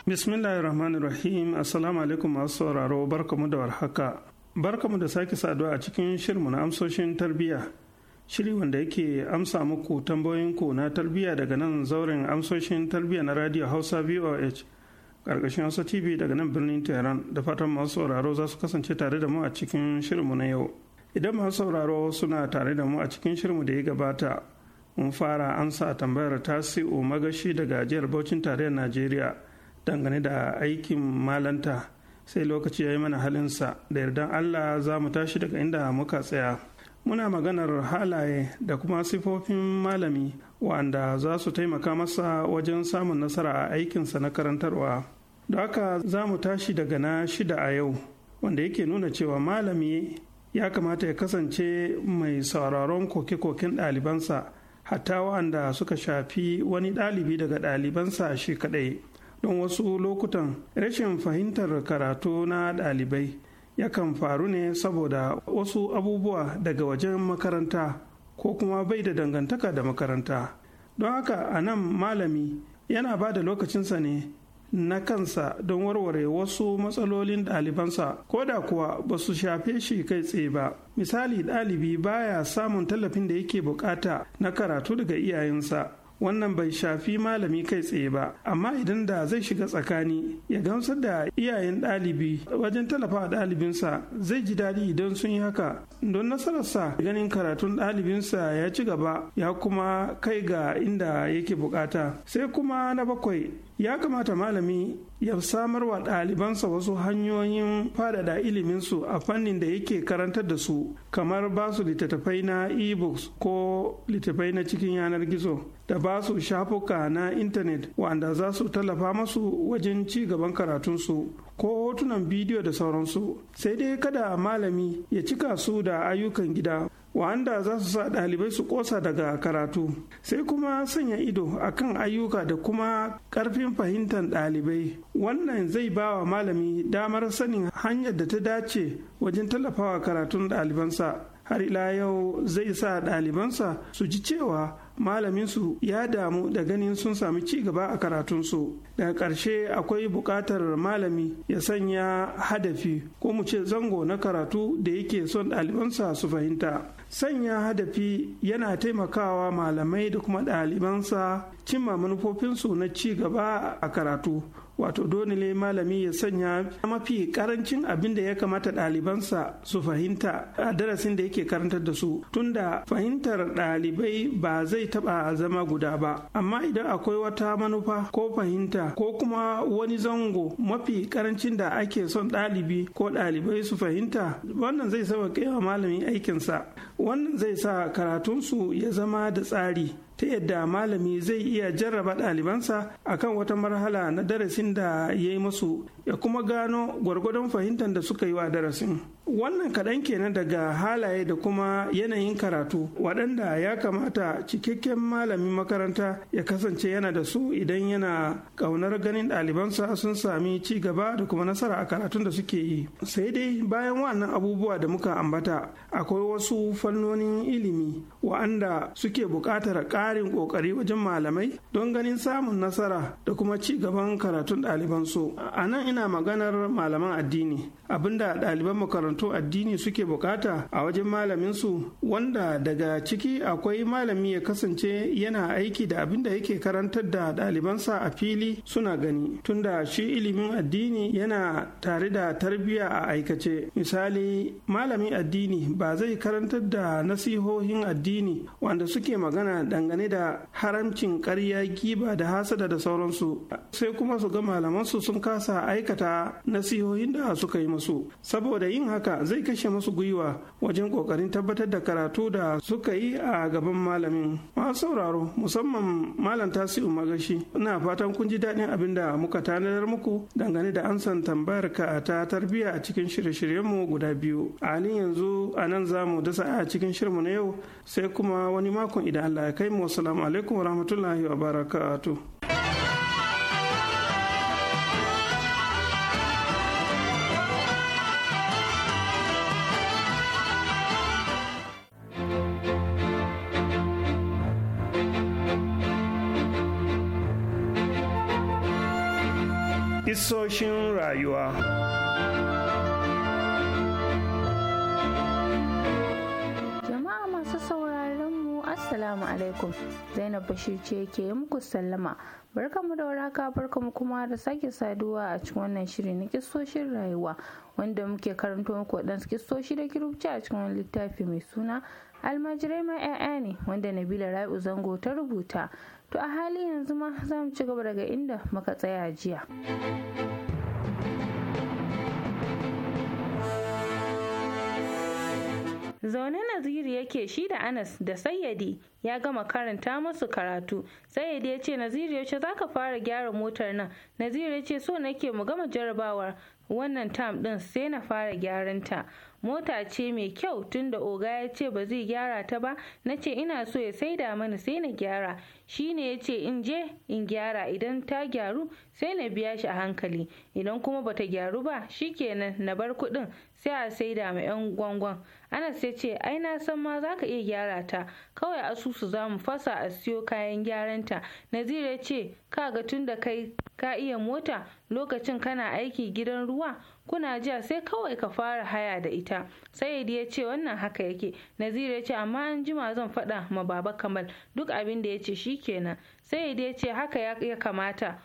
bismillahir rahmanir rahim assalamu alaikum masu sauraro barkamu da warhaka barkamu da sake saduwa a cikin shirmu na amsoshin tarbiyya shiri wanda yake amsa muku tambayoyinku na tarbiyya daga nan zauren amsoshin tarbiyya na radio hausa voh karkashin hausa tv daga nan birnin tehran da fatan masu sauraro za su kasance tare da mu a cikin shirmu na yau idan masu sauraro suna tare da mu a cikin shirmu da ya gabata mun fara amsa tambayar tasi'u magashi daga jihar Bauchin tarayyar Najeriya dangane da aikin malanta sai lokaci ya yi mana halinsa da yardan Allah za mu tashi daga inda muka tsaya. Muna maganar halaye da kuma sifofin malami wanda za su taimaka masa wajen samun nasara a aikinsa na karantarwa. Da haka za mu tashi daga na shida a yau wanda yake nuna cewa malami ya kamata ya kasance mai sauraron koke-koken ɗalibansa. hatta wanda suka shafi wani ɗalibi daga ɗalibansa shi kaɗai don wasu lokutan rashin fahimtar karatu na ɗalibai yakan faru ne saboda wasu abubuwa daga wajen makaranta ko kuma bai da dangantaka da makaranta don haka a nan malami yana ba da lokacinsa ne na kansa don warware wasu matsalolin ɗalibansa ko da kuwa ba su shafe shi kai tsaye ba misali ɗalibi baya samun tallafin da yake bukata na karatu daga iyayensa wannan bai shafi malami kai tsaye ba amma idan da zai shiga tsakani ya gamsar da iyayen ɗalibi wajen tallafa ɗalibinsa zai ji daɗi idan sun yi haka don nasararsa ganin karatun ɗalibinsa ya ci gaba ya kuma kai ga inda yake bukata sai kuma na bakwai ya kamata malami ya samar wa ɗalibansa wasu hanyoyin faɗaɗa iliminsu a fannin da yake karantar da su kamar ba su littattafai na e ko littattafai na cikin yanar gizo da ba su shafuka na intanet wanda za su tallafa masu wajen ci gaban karatunsu ko hotunan bidiyo da sauransu sai dai kada malami ya cika su da ayyukan gida wanda za su sa ɗalibai su ƙosa daga karatu sai kuma sanya ido a kan ayyuka da kuma ƙarfin fahimtar ɗalibai wannan zai ba wa malami damar sanin hanyar da ta dace wajen tallafawa karatun ɗalibansa har ila yau zai sa ɗalibansa su ji cewa malaminsu ya damu da ganin sun sami ci gaba a karatunsu daga ƙarshe akwai buƙatar malami ya sanya hadafi ko mu ce zango na karatu da yake son ɗalibansa su fahimta sanya hadafi yana taimakawa malamai da kuma ɗalibansa cimma manufofinsu na ci gaba a karatu wato dole ne malami ya sanya mafi karancin abin da ya kamata ɗalibansa su fahimta a darasin da yake karantar da su tunda fahimtar ɗalibai ba zai taɓa zama guda ba amma idan akwai wata manufa ko fahimta ko kuma wani zango mafi karancin da ake son ɗalibi ko ɗalibai su fahimta wannan zai sauƙaƙe wa malamin aikinsa wannan zai sa karatunsu ya zama da tsari ta yadda malami zai iya jarraba ɗalibansa akan wata marhala na darasin da ya yi masu ya kuma gano gwargwadon fahimtar da suka yi wa darasin wannan kaɗan kenan daga halaye da kuma yanayin karatu waɗanda ya kamata cikakken malamin makaranta ya kasance yana da su idan yana ƙaunar ganin ɗalibansa sun sami ci gaba da kuma nasara a karatun da suke yi sai dai bayan wannan abubuwa da muka ambata akwai wasu fannonin ilimi wa'anda suke buƙatar ƙarin ƙoƙari wajen malamai don ganin samun nasara da kuma ci gaban karatun ɗalibansu a nan ana maganar malaman addini abinda ɗaliban makarantu addini suke bukata a wajen malaminsu wanda daga ciki akwai malami ya kasance yana aiki da abin da yake karantar da ɗalibansa a fili suna gani tunda shi ilimin addini yana tare da tarbiyya a aikace misali malamin addini ba zai karantar da nasihohin addini wanda suke magana dangane da haramcin ƙarya giba da hasada da sauransu sai kuma su ga malamansu sun kasa aikata nasihohin da suka yi musu wasu saboda yin haka zai kashe masu gwiwa wajen kokarin tabbatar da karatu da suka yi a gaban malamin masu sauraro musamman malam tasiu magashi ina fatan kun ji daɗin abin da muka tanadar muku dangane da ansan tambayar ka ta tarbiyya a cikin shirye shiryen mu guda biyu a halin yanzu a nan za mu dasa a cikin shirmu na yau sai kuma wani makon idan allah ya kai mu assalamu alaikum wa barakatu Kisoshin rayuwa. Jama'a masu sauraron mu Assalamu alaikum Zainab Bashir ce ke muku sallama. barka Barkamu da waraka barkamu kuma da sake saduwa a cikin wannan shiri na kisoshin rayuwa wanda muke karanto muku waɗansu kisoshi da kirubci a cikin wani littafi mai suna almajirai ma 'ya'ya ne wanda Nabila rai'u Zango ta rubuta To a hali yanzu ma za mu ci gaba daga inda muka tsaya jiya. Zaune Naziru yake shi da Anas da Sayyadi ya gama karanta musu karatu. Sayyadi ya ce Naziru ce za ka fara gyara motar nan. Naziru ya ce so nake mu gama jarabawar wannan tam ɗin sai na fara gyaran ta. mota ce mai kyau tunda oga ya ce ba zai gyara ta ba na ce ina so ya saida mani sai na gyara shi ne ya ce in je in gyara idan ta gyaru sai na biya shi a hankali idan kuma bata gyaru ba shi shikenan na bar kuɗin sai a saida ma 'yan gwangwan anas ya ce ai na san ma za ka iya gyara ta kawai asusu za mu fasa a siyo kayan gyaran ta nazir ya ce ga tun da kai ka iya mota lokacin kana aiki gidan ruwa kuna jiya sai kawai ka fara haya da ita sayyid ya ce wannan haka yake nazir ya ce amma an jima zan faɗa ma baba kamal duk abin da ya ce shi kenan sai ya ce haka ya kamata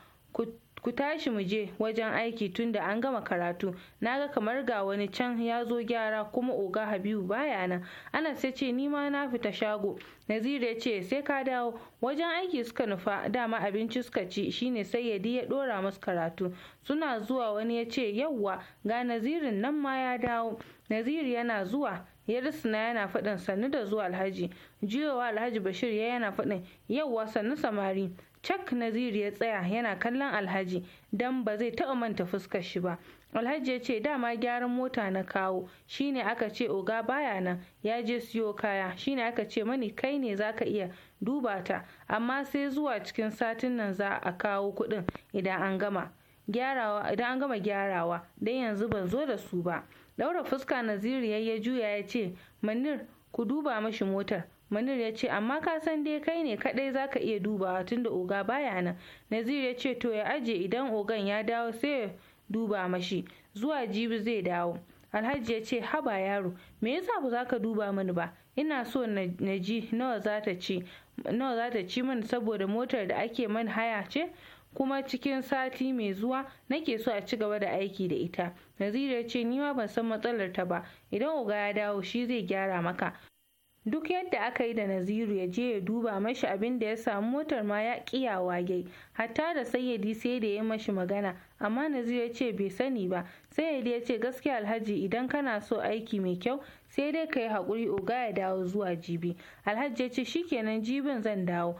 ku tashi mu je wajen aiki tun da an gama karatu na ga kamar ga wani can ya zo gyara kuma oga habibu baya nan anas ya ce ni ma na fita shago naziru ya ce sai ka dawo wajen aiki suka nufa dama abinci suka ci shine sai yadi ya ɗora masu karatu suna zuwa wani ya ce yauwa ga nazirin nan ma ya dawo naziru yana zuwa ya risina yana faɗin sannu da zuwa alhaji jiyowa alhaji bashir ya yana faɗin yauwa sannu samari cak naziru ya tsaya yana kallon alhaji don ba zai taɓa manta fuskar shi ba alhaji ya ce dama gyaran mota na kawo shine aka ce oga baya nan ya je siyo kaya shine aka ce mani kai ne za ka iya dubata amma sai zuwa cikin satin nan za a kawo kuɗin idan an gama gyarawa idan an gama gyarawa dan yanzu ban zo da su ba Laura fuska naziriyar ya juya ya ce manir ku duba mashi motar manir ya ce amma ka san dai kai ne kadai ka iya dubawa da oga baya nan nazir ya ce to ya aje idan ogan ya dawo sai ya duba mashi zuwa jibi zai dawo alhaji ya ce haba yaro me yasa ba za ka duba mani ba ina so na ji nawa za ta ci nawa za ta ci mani saboda motar da ake man haya ce kuma cikin sati mai zuwa nake so a ci gaba da aiki da ita naziru ya ce ni ma ban san matsalar ta ba idan oga ya dawo shi zai gyara maka duk yadda aka yi da naziru ya je ya duba mashi abin da ya samu motar ma ya kiya wage hatta da sayyadi sai da ya mashi magana amma naziru ya ce bai sani ba sayyadi ya ce gaskiya alhaji idan kana so aiki mai kyau sai dai ka yi haƙuri oga ya dawo zuwa jibi alhaji ya ce shi shikenan jibin zan dawo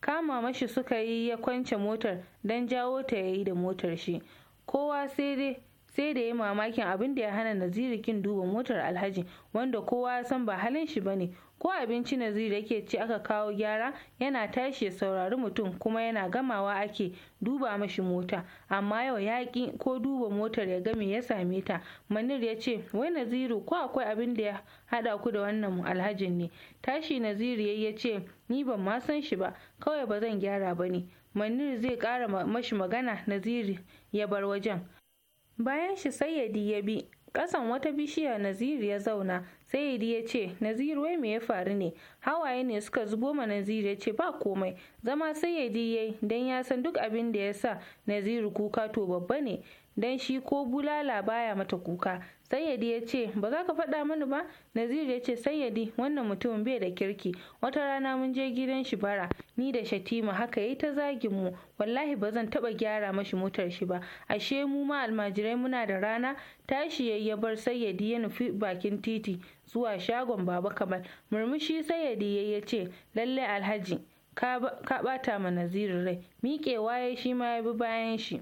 kama mashi suka yi ya kwance motar don jawo ta ya yi da motar shi kowa sai dai sai da ya mamakin abin da ya hana Naziru kin duba motar alhaji wanda kowa ya san ba halin shi bane ko abinci Naziru yake ci aka kawo gyara yana tashi ya saurari mutum kuma yana gamawa ake duba mashi mota amma yau yaƙi ko duba motar ya game ya same ta manir ya ce wai naziru ko akwai abin da ya hada ku da wannan Alhaji ne tashi naziri ya ce ni ban ma san shi ba kawai ba zan gyara ba ne manir zai kara mashi magana naziri ya bar wajen bayan shi sayyadi ya bi kasan wata bishiya naziru ya zauna sayyadi ya ce naziru wai me ya faru ne hawaye ne suka zubo ma naziru ya ce ba komai zama sayyadi ya yi don ya san duk abin da ya sa naziru kuka to babba ne don shi ko bulala baya mata kuka sayyadi ya ce ba za ka faɗa mani ba naziru ya ce sayyadi wannan mutumin bai da kirki wata rana mun je gidan shi bara ni da shatima haka yayi ta zagin mu wallahi ba zan taɓa gyara mashi motar shi ba ashe mu ma almajirai muna da rana tashi yayi ya bar sayyadi ya nufi bakin titi zuwa shagon baba kamar murmushi sayyadi yayi ya ce lalle alhaji ka ɓata ma naziru rai miƙewa ya shi ma ya bi bayan shi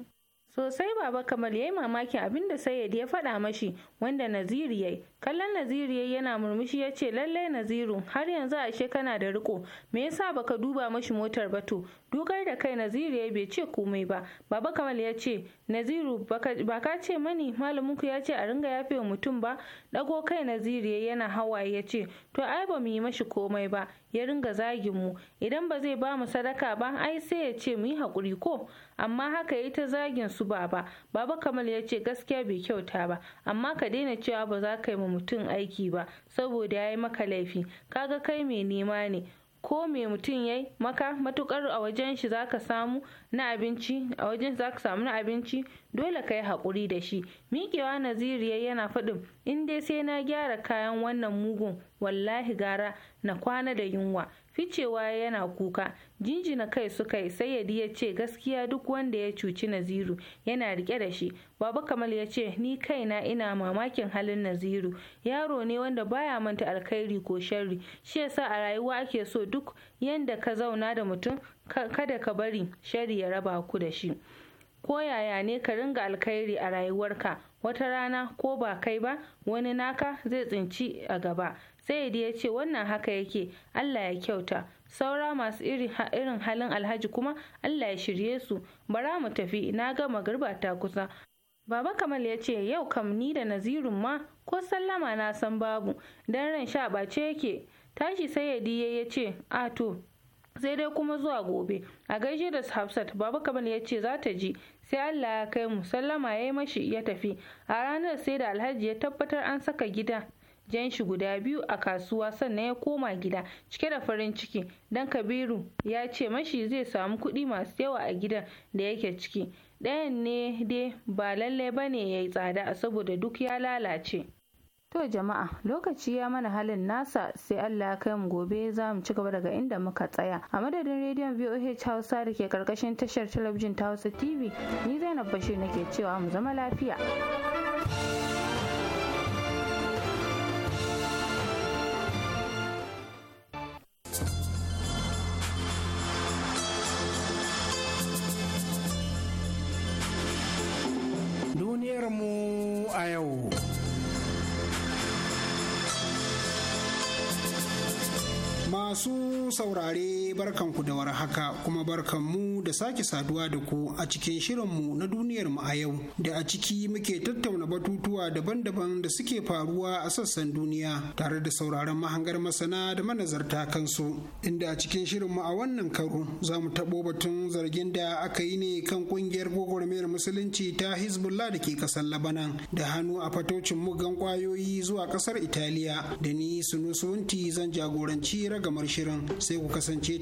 sosai baba kamal ya yi mamakin abin da sayyid ya faɗa mashi wanda naziri ya kallon naziru yayi yana murmushi ya ce lallai naziru har yanzu ashe kana da riko me yasa baka duba mashi motar ba to dukar da kai naziru ya bai ce komai ba baba kamal ya ce naziru ba ka ce mani malaminku ya ce a ringa yafe wa mutum ba dago kai naziru ya yana hawaye ya ce to ai ba mu yi mashi komai ba ya ringa zagin mu idan ba zai ba mu sadaka ba ai sai ya ce mu yi haƙuri ko amma haka ya ta zagin su baba baba kamal ya ce gaskiya bai kyauta ba amma ka daina cewa ba za ka yi mutum aiki ba saboda ya yi maka laifi kaga kai mai nema ne ko mai mutum ya yi maka matukar a wajen shi zaka samu na abinci a wajen zaka samu na abinci dole ka yi haƙuri da shi miƙewa naziriya yana faɗin in dai sai na gyara kayan wannan mugun wallahi gara na kwana da yunwa ficewa yana kuka jinjina kai su kai sayyadi ya ce gaskiya duk wanda ya cuci naziru yana rike da shi baba kamal ya ce ni kaina ina mamakin halin naziru yaro ne wanda baya manta alkhairi ko sharri shi yasa a rayuwa ake so duk yanda ka zauna da mutum kada ka bari sharri ya raba ku da shi ko yaya ne ka ringa alkhairi a rayuwarka wata rana ko ba kai ba wani naka zai tsinci a gaba sai ya ce wannan haka yake allah ya kyauta saura masu irin halin alhaji kuma allah ya shirye su bara mu tafi na gama magarba ta kusa Baba Kamal ya ce yau kam ni da Nazirun ma ko sallama na san babu dan ran sha bace yake tashi sai ya ya ce a to sai dai kuma zuwa gobe a gaishe da Hafsat Baba Kamal ya ce za ta ji sai Allah ya kai mu sallama ya yi mashi ya tafi a ranar sai da Alhaji ya tabbatar an saka gida jan shi guda biyu a kasuwa sannan ya koma gida cike da farin ciki dan kabiru ya ce mashi zai samu kuɗi masu yawa a gidan da yake ciki ɗayan ne dai ba lallai ne ya yi tsada saboda duk ya lalace To jama'a lokaci ya mana halin nasa sai Allah ya kai mu gobe za mu ci gaba daga inda muka tsaya. A madadin rediyon VOH Hausa da ke karkashin tashar talabijin ta Hausa TV ni Zainab Bashir nake cewa mu zama lafiya. saurare barkanku da warhaka kuma barkanmu da sake saduwa da ku a cikin shirinmu na duniyar mu a yau da a ciki muke tattauna batutuwa daban-daban da suke faruwa a sassan duniya tare da sauraron mahangar masana da manazarta kansu inda a cikin shirinmu a wannan karo za mu taɓo batun zargin da aka yi ne kan ƙungiyar gwagwarmayar musulunci ta hezbollah da ke kasar labanan da hannu a fatocin mugan kwayoyi zuwa ƙasar italiya da ni sunusunti zan jagoranci ragamar shirin sai ku kasance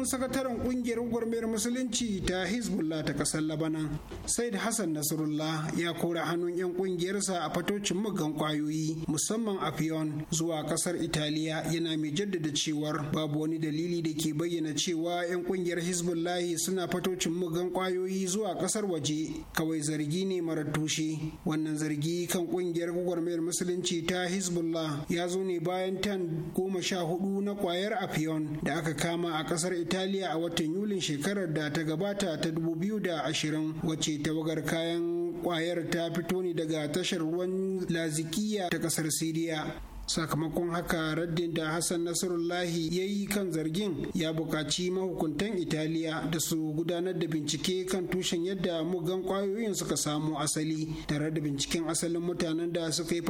babban sakataren kungiyar gwarmiyar musulunci ta hezbollah ta kasar labanan said hassan nasrullah ya kora hannun 'yan kungiyarsa a fatocin muggan kwayoyi musamman a fion zuwa kasar italiya yana mai jaddada cewar babu wani dalili da ke bayyana cewa 'yan kungiyar hezbollah suna fatocin muggan kwayoyi zuwa kasar waje kawai zargi ne mara tushe wannan zargi kan kungiyar gwagwarmayar musulunci ta hezbollah ya zo ne bayan tan goma sha hudu na kwayar afiyon da aka kama a kasar italiya Italiya a watan Yulin shekarar da ta gabata ta 2020 wace tawagar kayan kwayar ta fito ne daga tashar ruwan Lazikiya ta kasar Siriya. sakamakon haka raddin da hassan nasarullahi ya yi kan zargin ya buƙaci mahukuntan italiya da su gudanar da bincike kan tushen yadda mugan ƙwayoyin suka samo asali tare da binciken asalin mutanen da suka yi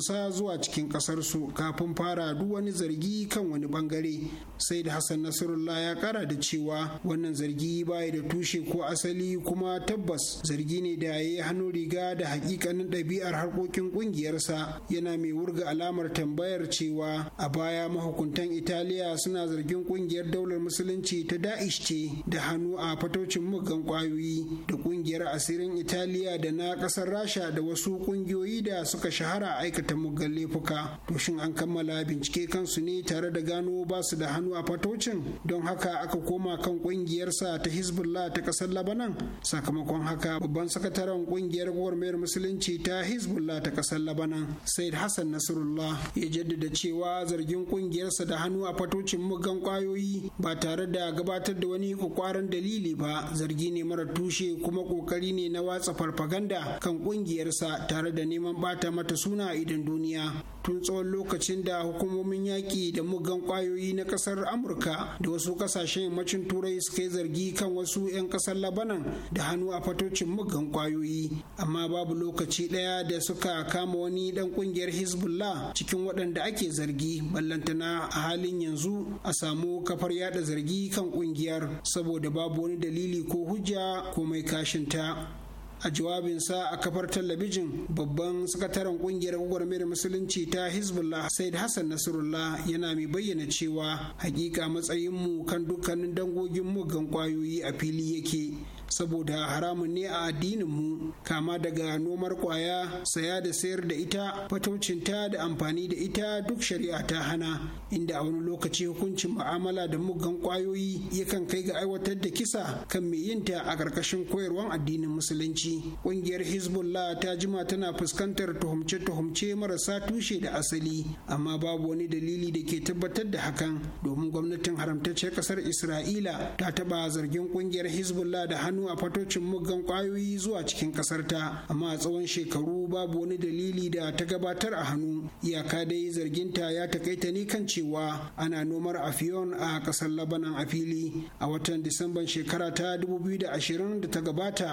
sa zuwa cikin ƙasar su kafin fara duk wani zargi kan wani bangare sai da hassan nasarullahi ya kara da cewa wannan zargi baya da tushe ko asali kuma tabbas zargi ne da ya yi hannu riga da hakikanin ɗabi'ar harkokin ƙungiyarsa yana mai wurga alamar ta tambayar cewa a baya mahukuntan Italiya suna zargin kungiyar daular musulunci ta Da'ish ce da hannu a fatocin muggan kwayoyi da kungiyar asirin Italiya da na kasar Rasha da wasu kungiyoyi da suka shahara aikata muggan laifuka. To shin an kammala bincike kansu ne tare da gano ba su da hannu a fatocin don haka aka koma kan kungiyarsa ta Hezbollah ta kasar Labanan sakamakon haka babban sakataren kungiyar gwamnatin musulunci ta Hezbollah ta kasar Labanan Said Hassan Nasrullah ya jaddada cewa zargin kungiyarsa da hannu a fatocin muggan kwayoyi ba tare da gabatar da wani kwakwaran dalili ba zargi ne mara tushe kuma kokari ne na watsa farfaganda kan kungiyarsa tare da neman bata mata suna idan duniya tun tsawon lokacin da hukumomin yaƙi da mugan ƙwayoyi na ƙasar amurka da wasu ƙasashen yammacin turai suka yi zargi kan wasu 'yan ƙasar labanan da hannu a fatocin mugan ƙwayoyi amma babu lokaci ɗaya da suka kama wani ɗan ƙungiyar hezbollah cikin waɗanda ake zargi ballantana a halin yanzu a samu kafar yada zargi kan ƙungiyar saboda babu wani dalili ko hujja ko mai kashinta a jawabinsa a kafar talabijin babban sakataren kungiyar gwagwarmayar musulunci ta hezbollah said hassan nasrullah yana mai bayyana cewa hakika matsayinmu kan dukkanin dangogin muggan kwayoyi a fili yake saboda haramun ne a addininmu kama daga nomar kwaya saya da sayar da ita fatocinta da amfani da ita duk shari'a ta hana inda a wani lokaci hukuncin ma'amala da muggan kwayoyi yakan kai ga aiwatar da kisa kan mai yinta a ƙarƙashin koyarwar addinin musulunci ƙungiyar hezbollah ta jima tana fuskantar tuhumce-tuhumce marasa tushe da asali amma babu wani dalili da ke tabbatar da hakan domin gwamnatin haramtacciyar ƙasar isra'ila ta taɓa zargin ƙungiyar hezbollah da hannu a fatocin muggan kwayoyi zuwa cikin kasar amma a tsawon shekaru babu wani dalili da ta gabatar a hannu iyaka dai zarginta ya takaita ne kan cewa ana nomar afiyon a kasar labanan a fili a watan disamban shekara ta 2020 da ta gabata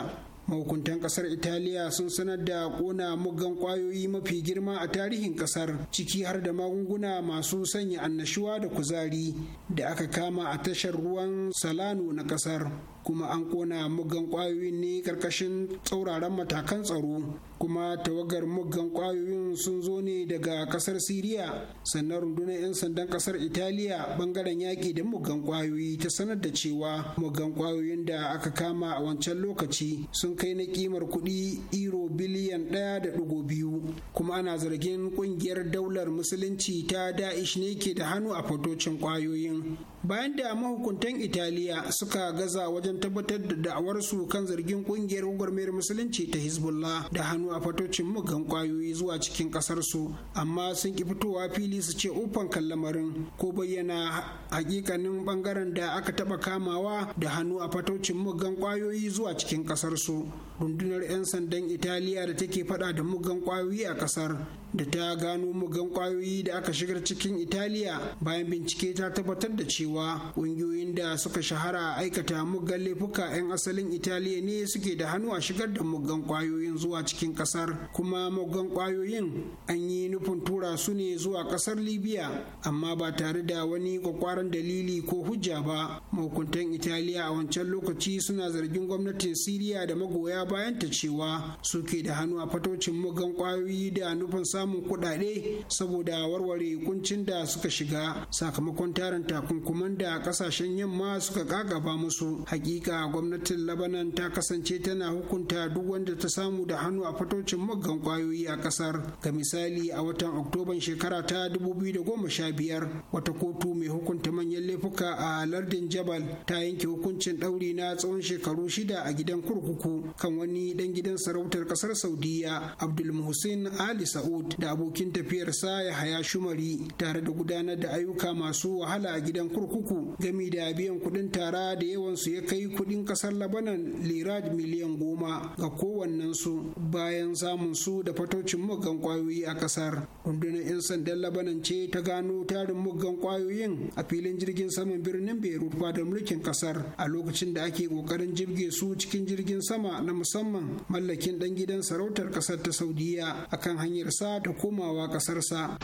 mahukuntan kasar italiya sun sanar da kona muggan kwayoyi mafi girma a tarihin kasar ciki har da magunguna masu sanya annashuwa da kuzari da aka kama a tashar ruwan salano na kasar kuma an kona mugan kwayoyin ne karkashin tsauraran matakan tsaro kuma tawagar muggan kwayoyin sun zo ne daga kasar siriya sannan rundunar 'yan sandan kasar italiya bangaren yaƙi da muggan kwayoyi ta sanar da cewa muggan kwayoyin da aka kama a wancan lokaci sun kai na kimar kuɗi euro biliyan ɗaya da ɗigo biyu kuma ana zargin ƙungiyar daular musulunci ta da'ish ne ke da hannu a fotocin kwayoyin bayan da mahukuntan italiya suka gaza wajen tabbatar da da'awarsu kan zargin ƙungiyar gwagwarmayar musulunci ta hezbollah da hannu a fatocin mugan kwayoyi zuwa cikin kasarsu amma sun ki fitowa fili su ce ufan kan lamarin ko bayyana hakikanin bangaren da aka taba kamawa da hannu a fatocin mugan kwayoyi zuwa cikin kasarsu rundunar 'yan sandan italiya da take fada da mugan kwayoyi a kasar da ta gano mugan kwayoyi da aka shigar cikin italiya bayan bincike ta tabbatar da cewa ƙungiyoyin da suka shahara a aikata mugan laifuka 'yan asalin italiya ne suke da hannu a shigar da mugan kwayoyin zuwa cikin kasar kuma mugan kwayoyin an yi nufin tura su ne zuwa kasar libya amma ba tare da wani kwakwaran dalili ko hujja ba mahukuntan italiya a wancan lokaci suna zargin gwamnatin siriya da magoya bayanta cewa suke da hannu a fatocin mugan kwayoyi da nufin samun kuɗaɗe saboda warware kuncin da suka shiga sakamakon tarin takunkuman da kasashen yamma suka kakaba musu hakika gwamnatin labanan ta kasance tana hukunta duk wanda ta samu da hannu a fatocin muggan kwayoyi a kasar ga misali a watan oktoban shekara ta 2015 wata kotu mai hukunta manyan laifuka a lardin jabal ta yanke hukuncin ɗauri na tsawon shekaru shida a gidan kurkuku kan kan wani dan gidan sarautar kasar saudiya abdul muhsin ali sa'ud da abokin tafiyarsa ya haya shumari tare da gudanar da ayyuka masu wahala a gidan kurkuku gami da biyan kuɗin tara da yawansu ya kai kuɗin kasar labanan lirad miliyan goma ga su bayan samun su da fatocin muggan kwayoyi a kasar rundunar 'yan sandan labanan ce ta gano tarin muggan kwayoyin a filin jirgin saman birnin beirut fadar mulkin kasar a lokacin da ake kokarin jirge su cikin jirgin sama na musamman mallakin ɗan gidan sarautar ƙasar ta saudiya akan hanyar sa ta komawa ƙasarsa.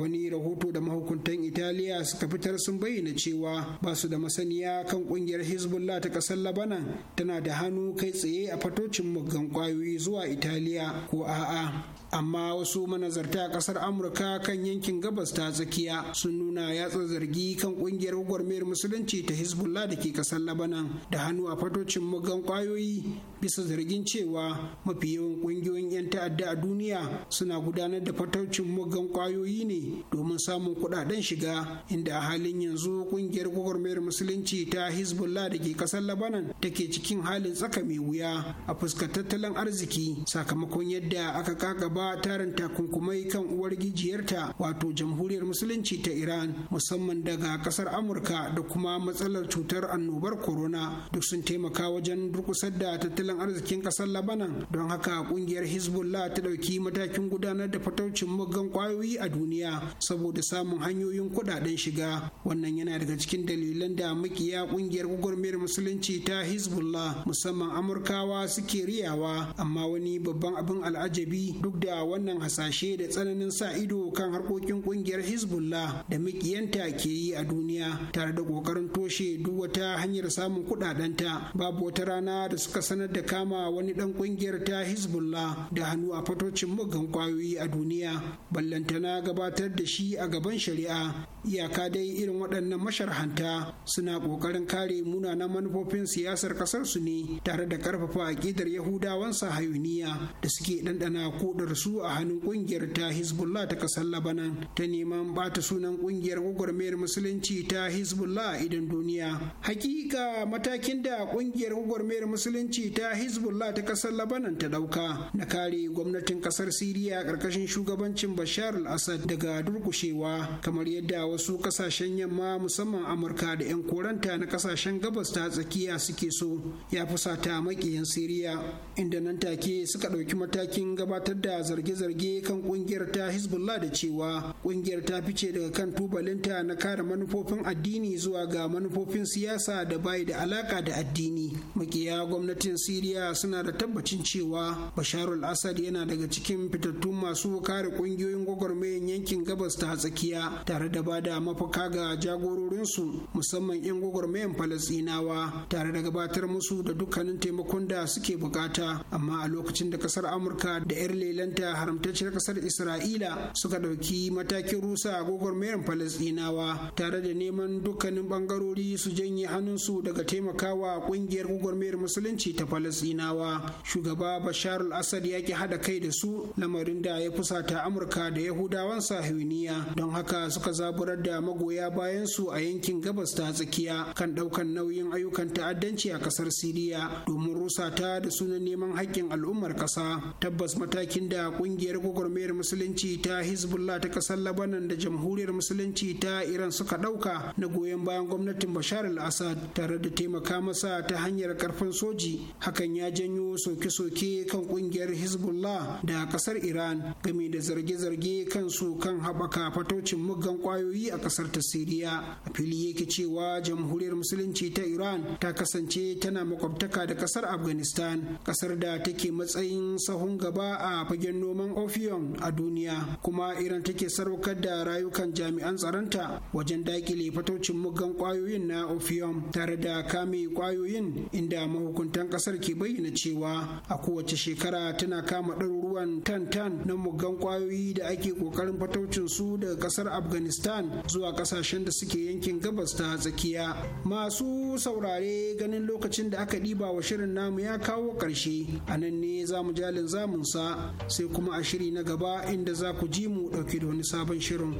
wani rahoto da mahukuntan italiya suka fitar sun bayyana cewa ba su da masaniya kan kungiyar hezbollah ta kasar labanan tana da hannu kai tsaye a fatocin muggan kwayoyi zuwa italiya ko a'a amma wasu manazarta a kasar amurka kan yankin gabas ta tsakiya sun nuna yatsa zargi kan kungiyar gwagwarmayar musulunci ta hezbollah da ke kasar labanan da hannu a fatocin muggan kwayoyi bisa zargin cewa mafi yawan kungiyoyin 'yan ta'adda a duniya suna gudanar da fatocin muggan kwayoyi ne domin samun kudaden shiga inda a halin yanzu kungiyar gwagwarmayar musulunci ta hezbollah da ke kasar labanan take cikin halin tsaka mai wuya a fuskar tattalin arziki sakamakon yadda aka kakaba tarin takunkumai kan uwar gijiyarta wato jamhuriyar musulunci ta iran musamman daga kasar amurka da kuma matsalar cutar annobar corona duk sun taimaka wajen durkusar da tattalin arzikin kasar labanan don haka kungiyar hezbollah ta dauki matakin gudanar da fataucin muggan kwayoyi a duniya saboda samun hanyoyin kudaden shiga wannan yana daga cikin dalilan da makiya kungiyar gwagwarmayar musulunci ta hezbollah musamman amurkawa suke riyawa amma wani babban abin al'ajabi duk da wannan hasashe da tsananin sa ido kan harkokin kungiyar hezbollah da makiyanta ke yi a duniya tare da kokarin toshe duk wata hanyar samun kudadenta babu wata rana da suka sanar da kama wani dan kungiyar ta hezbollah da hannu a fatocin muggan kwayoyi a duniya ballantana gabatar gurfanar da shi a gaban shari'a iyaka dai irin waɗannan masharhanta suna ƙoƙarin kare munanan manufofin siyasar ƙasar su ne tare da ƙarfafa aƙidar yahudawan sahayuniya da suke ɗanɗana koɗar su a hannun ƙungiyar ta hezbollah ta ƙasar labanan ta neman ɓata sunan ƙungiyar gwagwarmayar musulunci ta hezbollah a idan duniya haƙiƙa matakin da ƙungiyar gwagwarmayar musulunci ta hezbollah ta ƙasar labanan ta ɗauka na kare gwamnatin ƙasar siriya ƙarƙashin shugabancin bashar al-assad daga durkushewa kamar yadda wasu kasashen yamma musamman amurka da 'yan koranta na kasashen gabas ta tsakiya suke so ya fusata makiyan siriya inda nan take suka ɗauki matakin gabatar da zarge-zarge kan kungiyar ta hezbollah da cewa kungiyar ta fice daga kan tubalinta na kare manufofin addini zuwa ga manufofin siyasa da bai da alaka da addini makiya gwamnatin siriya suna da tabbacin cewa basharul al-assad yana daga cikin fitattun masu kare kungiyoyin gwagwarmayan yankin gabas ta tsakiya tare da ba da mafaka ga jagororinsu musamman 'yan gwagwarmayan falasinawa tare da gabatar musu da dukkanin taimakon da suke bukata amma a lokacin da kasar amurka da 'yar lelanta haramtacciyar kasar isra'ila suka ɗauki matakin rusa a gwagwarmayan falasinawa tare da neman dukkanin bangarori su janye hannunsu daga taimakawa kungiyar gwagwarmayar musulunci ta falasinawa shugaba bashar al-assad ya ki haɗa kai da su lamarin da ya fusata amurka da Yahudawansa. sahiyuniya don haka suka zaburar da magoya bayan su a yankin gabas ta tsakiya kan daukan nauyin ayyukan ta'addanci a kasar siriya domin rusa ta da sunan neman haƙƙin al'ummar ƙasa tabbas matakin da ƙungiyar gwagwarmayar musulunci ta hezbollah ta ƙasar labanan da jamhuriyar musulunci ta iran suka ɗauka na goyon bayan gwamnatin bashar al-assad tare da taimaka masa ta hanyar karfin soji hakan ya janyo soke-soke kan ƙungiyar hezbollah da ƙasar iran game da zarge-zarge kansu kan kan haɓaka fatocin muggan kwayoyi a ƙasar ta siriya a fili yake cewa jamhuriyar musulunci ta iran ta kasance tana makwabtaka da ƙasar afghanistan ƙasar da take matsayin sahun gaba a fagen noman opium a duniya kuma iran take sarwakar da rayukan jami'an tsaronta wajen daƙile fatocin muggan ƙwayoyin na opium tare da kame ƙwayoyin inda mahukuntan ƙasar ke bayyana cewa a kowace shekara tana kama ɗaruruwan tan-tan na muggan kwayoyi da ake ƙoƙarin fatocin su daga kasar afghanistan zuwa kasashen da suke yankin gabas ta tsakiya masu saurare ganin lokacin da aka ɗiba wa shirin namu ya kawo ƙarshe a nan ne za mu jalin zamunsa sai kuma a shiri na gaba inda za ku ji mu ɗauki da wani sabon shirin.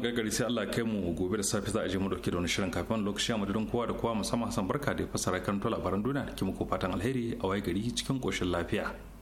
zamu gargari sai Allah kai mu gobe da safe za a je mu dauke da wani shirin kafin lokaci a madadin kowa da kowa musamman Hassan Barka da ya fassara karanto labaran duniya da ke muku fatan alheri a waye gari cikin koshin lafiya